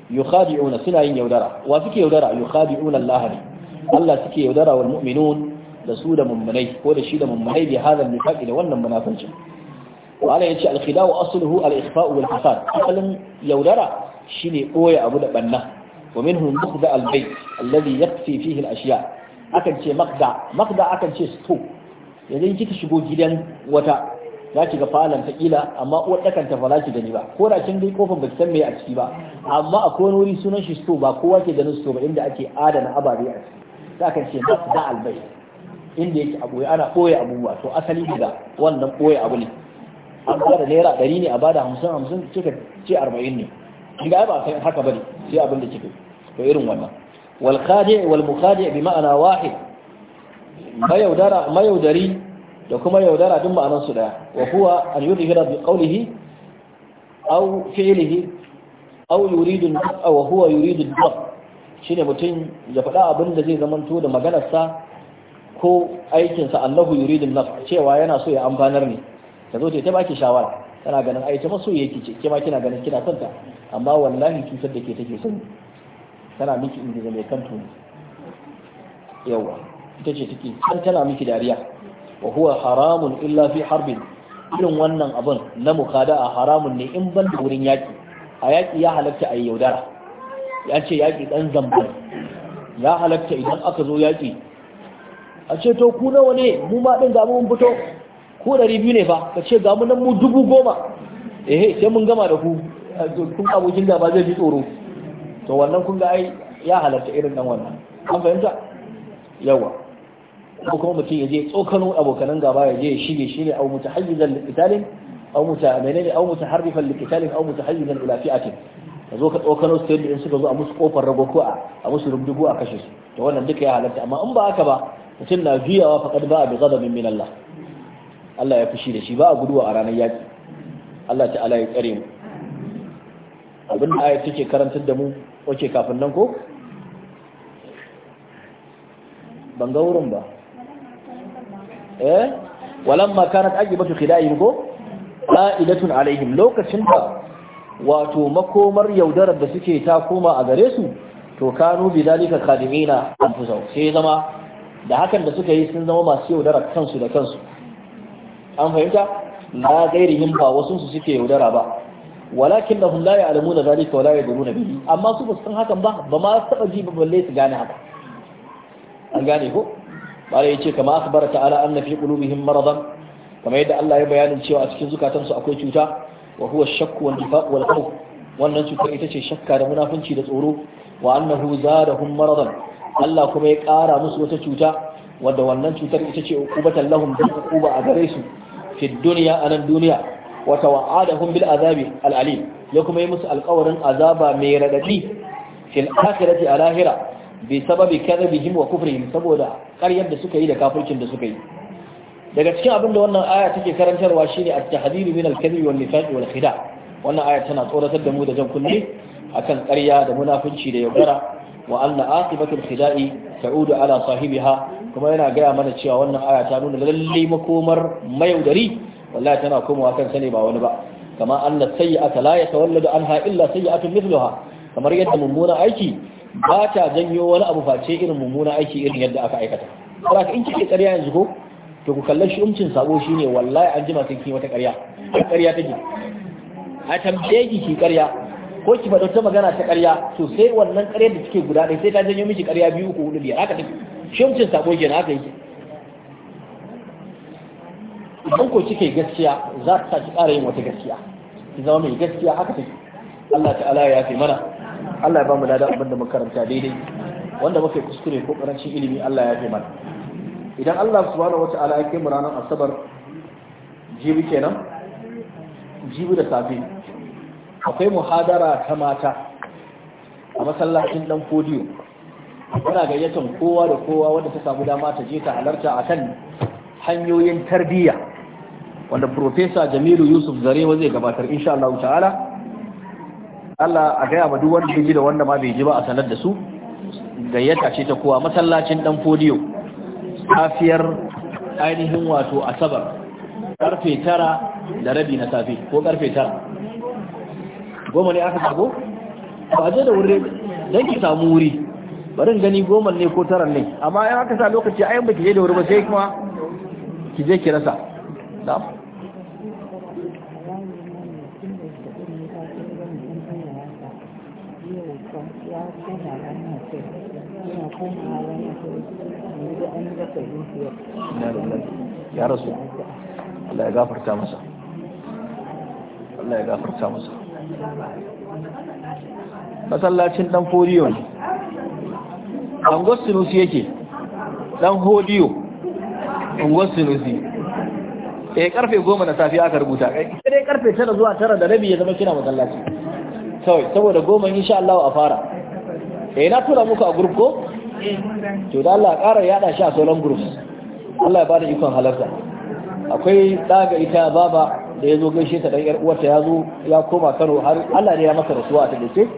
yukhadi'una suna yin yaudara wa suke yaudara yukhadi'una Allah ne Allah suke yaudara wal mu'minun da su da mummunai ko da shi da mummunai bi hadha al-nifaqi da wannan munafincin wala yace al-khida'u asluhu al-ikhfa'u wal hasad asalin yaudara shine boye abu da banna wa minhum mukhda al-bayt alladhi yaqfi fihi al-ashya akan ce maqda maqda akan ce sto yanzu kika shigo gidan wata za ki ga falon ta kila amma uwar dakan ta fala ki gani ba ko da kin dai kofar ba san me a ciki ba amma akwai wani wuri sunan shi sto ba kowa ke ganin sto ba inda ake adana ababe a ciki za ka ce maqda al-bayt inda yake a ana ɓoye abubuwa to asali daga wannan ɓoye abu ne an bada naira ɗari ne a bada hamsin hamsin kika ce arba'in ne in ga ba san haka bane sai abin da kika to irin wannan wal khadi wal mukhadi bi ma'ana wahid mayaudara mayaudari da kuma yaudara duk ma'anar su daya wa huwa an yudhira bi qawlihi aw fi'lihi aw yuridu an-naf'a wa huwa yuridu ad shine mutum ya faɗa abin da zai zamanto da maganarsa ko aikinsa Allahu yuridu an cewa yana so ya amfanar ne ta zo ta baki shawara tana ganin ai ta masoyi yake ce ke ma kina ganin kina son ta amma wallahi cutar da ke take son tana miki inda mai kan tuni yawa ita ce take can tana miki dariya wa huwa haramun illa fi harbin irin wannan abun na mukada a haramun ne in ban da wurin yaki a yaki ya halatta a yaudara ya ce yaki dan zamba ya halatta idan aka zo yaki a ce to ku nawa ne mu ma din ga mun fito ko ɗari biyu ne ba ka ce ga mu nan mu dubu goma eh sai mun gama da ku kun abokin da ba zai ji tsoro to wannan kun ga ai ya halarta irin nan wannan an fahimta yawa ko kuma mutum ya je tsokano abokanan gaba ya je ya shige shi ne au mutahayyizan liqitalin au muta menene au mutaharrifan liqitalin au mutahayyizan ila fi'atin ka zo ka tsokano su yadda in suka zo a musu kofar rago ko a musu rumdugu a kashe su to wannan duka ya halarta amma in ba haka ba mutum na juyawa faqad ba bi ghadabin min Allah Allah ya fushi da shi ba a guduwa a ranar yaki Allah ta'ala ya tsare mu abin da ayat take karantar da mu wace kafin nan ko ban ga wurin ba eh walamma kanat ajibatu khidayim ko qa'idatun alaihim lokacin da wato makomar yaudarar da suke ta koma a gare su to kanu bi zalika khadimina anfusahum sai zama da hakan da suka yi sun zama masu yaudarar kansu da kansu an fahimta na gairihim ba wasu su suke yaudara ba walakin lahum la ya'lamuna zalika wala yadruna bihi amma su basu san hakan ba ba ma taba ji ba balle su gane haka an gane ko bare ce kama akhbara ta'ala anna fi qulubihim maradan yadda Allah ya bayanin cewa a cikin zukatansu akwai cuta wa huwa shakku wal nifaq wal khawf wannan cutar ita ce shakka da munafunci da tsoro wa annahu zadahum maradan Allah kuma ya ƙara musu wata cuta wadda wannan cutar ita ce uqubatan lahum bi uquba a gare su fi duniya anan duniya wa tawa'adahum bil azabi al ya kuma yi musu alƙawarin azaba mai radadi fil akhirati a lahira bi sababi kadhibihim wa kufrihim saboda ƙaryar da suka yi da kafircin da suka yi daga cikin abin da wannan aya take karantarwa shine at-tahdhiru min al-kadhib wal nifaq wal khida wannan aya tana tsoratar da mu da jan kunne akan karya, da munafunci da yaudara wa anna aqibatul khida'i ta'udu ala sahibiha kuma yana gaya mana cewa wannan aya ta nuna lalle makomar mayaudari wallahi tana komawa kan ne ba wani ba kama anna sayyi'ata la yatawalladu anha illa sayyi'atun mithluha kamar yadda mummuna aiki ba ta janyo wani abu face irin mummuna aiki irin yadda aka aikata saboda in kike ƙarya yanzu ko to ku kalli shi umcin sabo shine wallahi an jima sai wata ƙarya ƙarya take a tambaye ki ki ƙarya ko ki faɗo ta magana ta ƙarya to sai wannan ƙaryar da take guda ɗaya sai ta janyo miki ƙarya biyu ko hudu biyar haka take shimcin sako kenan haka yake idan ko kike gaskiya za ta saki ƙara yin wata gaskiya ki zama mai gaskiya haka take Allah ta'ala ya fi mana Allah ya ba mu ladan abin da muka karanta daidai wanda muka kuskure ko karancin ilimi Allah ya fi mana idan Allah subhanahu wata'ala ya kai mu ranar asabar jibi kenan jibi da safe akwai muhadara ta mata a masallacin dan fodiyo muna gayyatar kowa da kowa wanda ta samu dama ta je ta halarta a kan hanyoyin tarbiyya wanda Profesa Jamilu Yusuf Zarewa zai gabatar insha Allah ta'ala Allah a gaya ma duk wanda ji da wanda ma bai ji ba a sanar da su gayyata ce ta kowa masallacin dan fodiyo safiyar ainihin wato asabar karfe tara da rabi na safe ko karfe tara goma ne aka sabo ba je da wuri don ki samu wuri barin gani goma ne ko taran ne amma in aka sa lokaci ayan ba ki je da wuri ba sai kuma ki je ki rasa ya rasu Allah ya gafarta masa Allah ya gafarta masa masallacin dan foliyo ne angos sinusi yake dan hodiyo angos sinusi E eh, karfe goma na safiya aka rubuta kai eh, sai karfe 9 zuwa 9 da rabi ya zama kina masallaci sai saboda goma insha Allah a fara eh na tura muku a group ko to da Allah ƙara yada shi a sauran groups Allah ya bada ikon halarta akwai daga ita baba da ya zo gaishe ta dan yar uwarta ya zo ya koma Kano har Allah ne ya masa rasuwa a take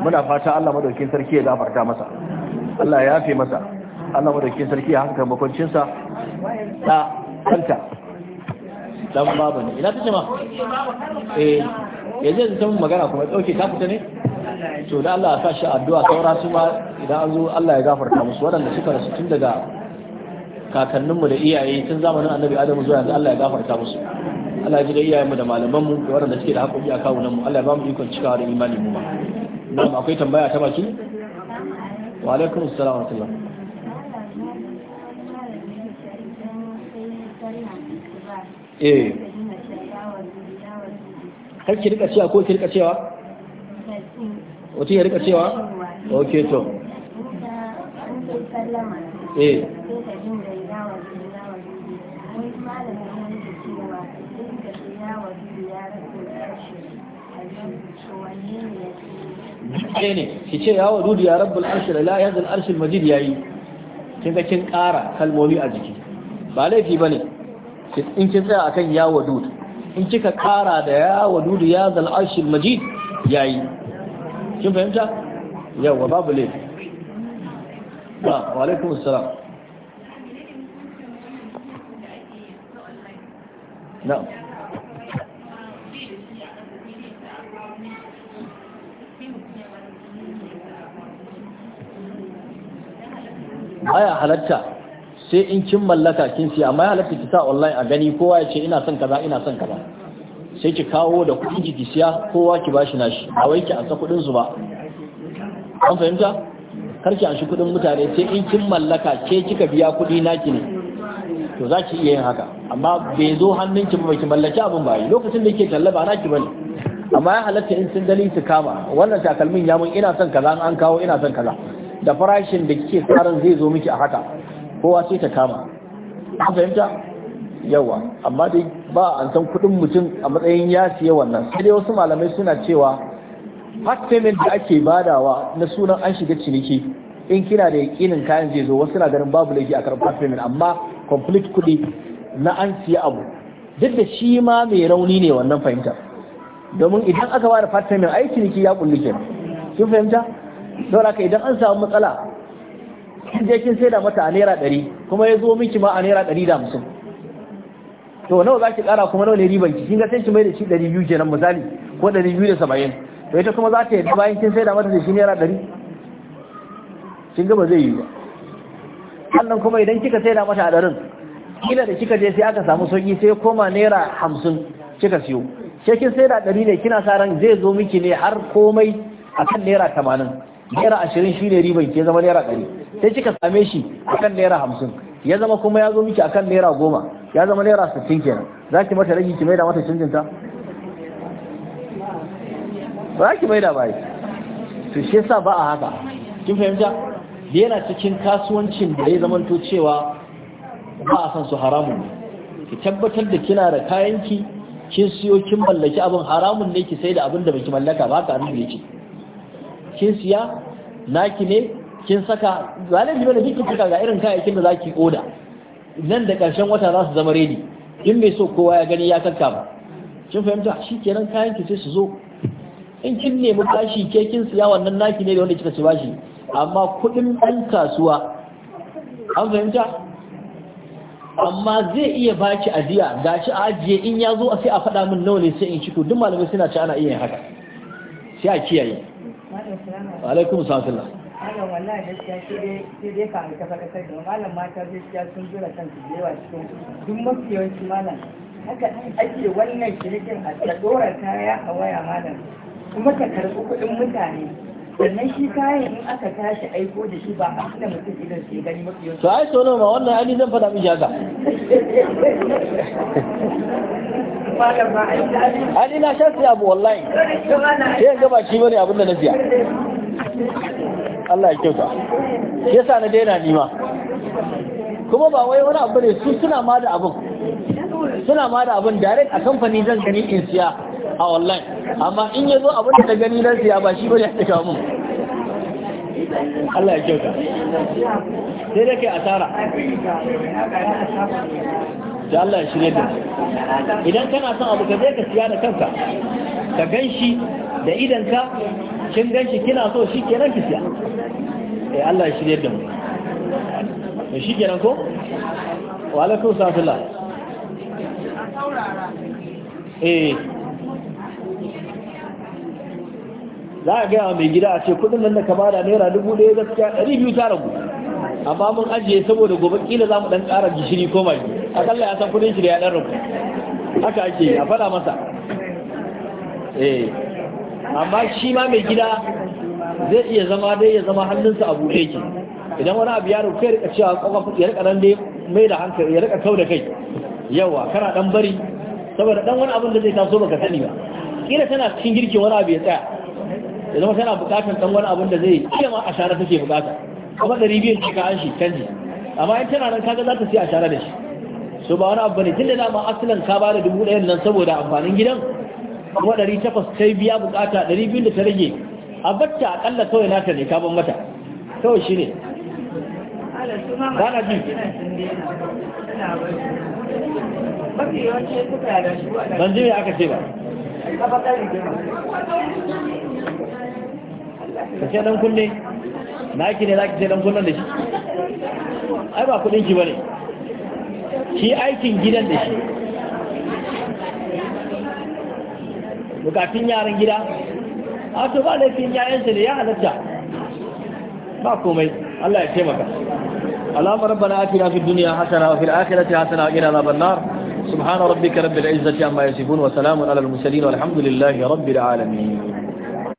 muna fata Allah madaukakin sarki ya gafarta masa Allah ya yafe masa Allah madaukakin sarki ya haka makoncin sa da kanta dan babu ne ina tace ma eh yanzu yanzu ta magana kuma dauke ta fita ne to da Allah ya sa shi addu'a saura su ma idan an zo Allah ya gafarta musu waɗanda suka rasu tun daga kakanninmu da iyaye tun zamanin annabi adamu zuwa yanzu Allah ya gafarta musu Allah ya ji da iyayenmu da malamanmu da waɗanda suke da haƙoƙi a kawunanmu Allah ya ba mu ikon cikawa da imani mu ma nan akwai tambaya ta baki wa alaikum assalamu wa eh kar ki rika cewa ko ki rika cewa wato ya rika cewa okay to eh ɗaya ne ki ce ya dudu ya rabbul arshi la ilaha illa arshil majid yayi kin ga kin ƙara kalmomi a jiki ba laifi bane in kin tsaya akan ya dudu. in kika ƙara da ya dudu ya zal arshil majid yayi kin fahimta yawa babu laifi ba wa alaikum assalam na'am baya halatta sai in kin mallaka kin siya amma ya halatta ki sa online a gani kowa ya ce ina son kaza ina son kaza sai ki kawo da kuɗin ki ki siya kowa ki bashi nashi a wai ki an sa kuɗin su ba an fahimta kar ki an kuɗin mutane sai in kin mallaka ke kika biya kuɗi naki ne to za ki iya yin haka amma bai zo hannun ki ba ki mallaki abin ba lokacin da yake tallaba ki bane amma ya halatta in sun gani su kama wannan takalmin ya mun ina son kaza an kawo ina son kaza da farashin da kike tsarin zai zo miki a haka kowa sai ta kama ka fahimta yawa amma dai ba an san kuɗin mutum a matsayin ya siya wannan sai dai wasu malamai suna cewa hot payment da ake badawa na sunan an shiga ciniki in kina da yakinin kayan zai zo wasu na ganin babu laifi a karɓar hot payment amma complete kuɗi na an siya abu duk da shi ma mai rauni ne wannan fahimta domin idan aka bada part payment ai ciniki ya kulli kenan kin fahimta saboda ka idan an samu matsala je kin sai da mata a naira ɗari kuma ya zo miki ma a naira ɗari da hamsin to nawa za ki ƙara kuma nawa ne riban ki kin ga sai ki mai da shi ɗari biyu kenan misali ko ɗari biyu da saba'in to ita kuma za ta yadda bayan kin sai da mata da shi naira ɗari kin ga ba zai yi ba sannan kuma idan kika sai da mata a ɗarin kila da kika je sai aka samu sauki sai koma naira hamsin kika siyo sai kin da ɗari ne kina sa ran zai zo miki ne har komai akan naira tamanin naira ashirin shi ne riban ke zama naira ɗari sai kika same shi akan naira hamsin ya zama kuma ya zo miki akan naira goma ya zama naira sittin kenan za ki mata ragi ki maida mata canjin ta ba za ki maida ba to shi yasa ba a haka kin fahimta da yana cikin kasuwancin da ya zamanto cewa ba a san su haramun ne ki tabbatar da kina da kayanki kin siyo kin mallaki abin haramun ne ki sai da abin da baki mallaka ba ka abin da kin siya naki ne kin saka zalunci bane kin saka ga irin kayayyakin da zaki oda nan da karshen wata za su zama ready in mai so kowa ya gani ya kanka ba kin fahimta shikenan kayan ki sai su zo in kin nemi bashi ke kin siya wannan naki ne da wanda kika ci bashi amma kudin ɗan kasuwa an fahimta amma zai iya baki ajiya da shi a ajiye in ya zo a sai a faɗa min nawa ne sai in ciko duk malamai suna ci ana iya haka sai a kiyaye alaikum salam malam wallahi gaskiya shi dai shi dai ka aika fada kai da malam mata gaskiya sun zura kan su da yawa cikin duk mafi yawanci malam haka ake wannan shirikin a tsoron kaya a waya malam kuma ka karɓi kuɗin mutane sannan shi kayan in aka tashi aiko da shi ba a da mutum idan shi gani mafi yawan to ai tono ma wannan ali zan faɗa miki haka ali na sha siya abu wallahi sai ga ba shi bane abin da na siya Allah ya kyauta shi yasa na daina nima kuma ba wai wani abu ne su suna ma da abin suna ma da abin direct a kamfani zan gani in siya a online amma in ya zo abin da ta gani na siya ba shi bane ya kawo mun Allah ya kyauta sai da kai asara da Allah ya shirye da idan kana son abu ka zai ka siya da kanka ka gan shi da idanka kin gan shi kina so shi kenan ki siya eh Allah ya shirye da mu to shi kenan ko wa alaikum salam eh za a gaya mai gida a ce kudin nan da ka bada naira dubu ɗaya gaskiya ɗari biyu ta ragu amma mun ajiye saboda gobe kila za mu ɗan ƙara gishiri ko mai akalla ya san kudin shi da ya ɗan ragu haka ake a faɗa masa eh amma shi ma mai gida zai iya zama dai ya zama hannunsa a buɗe ke. idan wani abu ya rufe ya rika cewa kwakwaf ya rika nan dai mai da hankali ya rika kau da kai yawa kana dan bari saboda dan wani abin da zai taso baka sani ba kila tana cikin girki wani abu ya tsaya ya zama tana bukatar ɗan wani abin da zai iya ma ashara take bukata kuma ɗari biyu ce ka an shi canji amma in tana nan kaga za ta sai ashara da shi so ba wani abu ne tun da dama asalin ka ba da dubu ɗaya nan saboda amfanin gidan kuma ɗari takwas ta biya bukata ɗari biyu da ta rage a batta aƙalla kawai nata ne ka ban mata kawai shi ne ba ji ban ji aka ce ba ka ce dan kunne naki ne ki ce nan kunnen da shi ai ba kudin ki ne. shi aikin gidan da shi bukatun yaren gida a to ba laifin yayansa da ya halatta ba komai Allah ya taimaka اللهم ربنا آتنا في الدنيا حسنة وفي الآخرة حسنة وقنا عذاب النار سبحان ربك رب العزة عما يصفون وسلام على المرسلين والحمد لله رب العالمين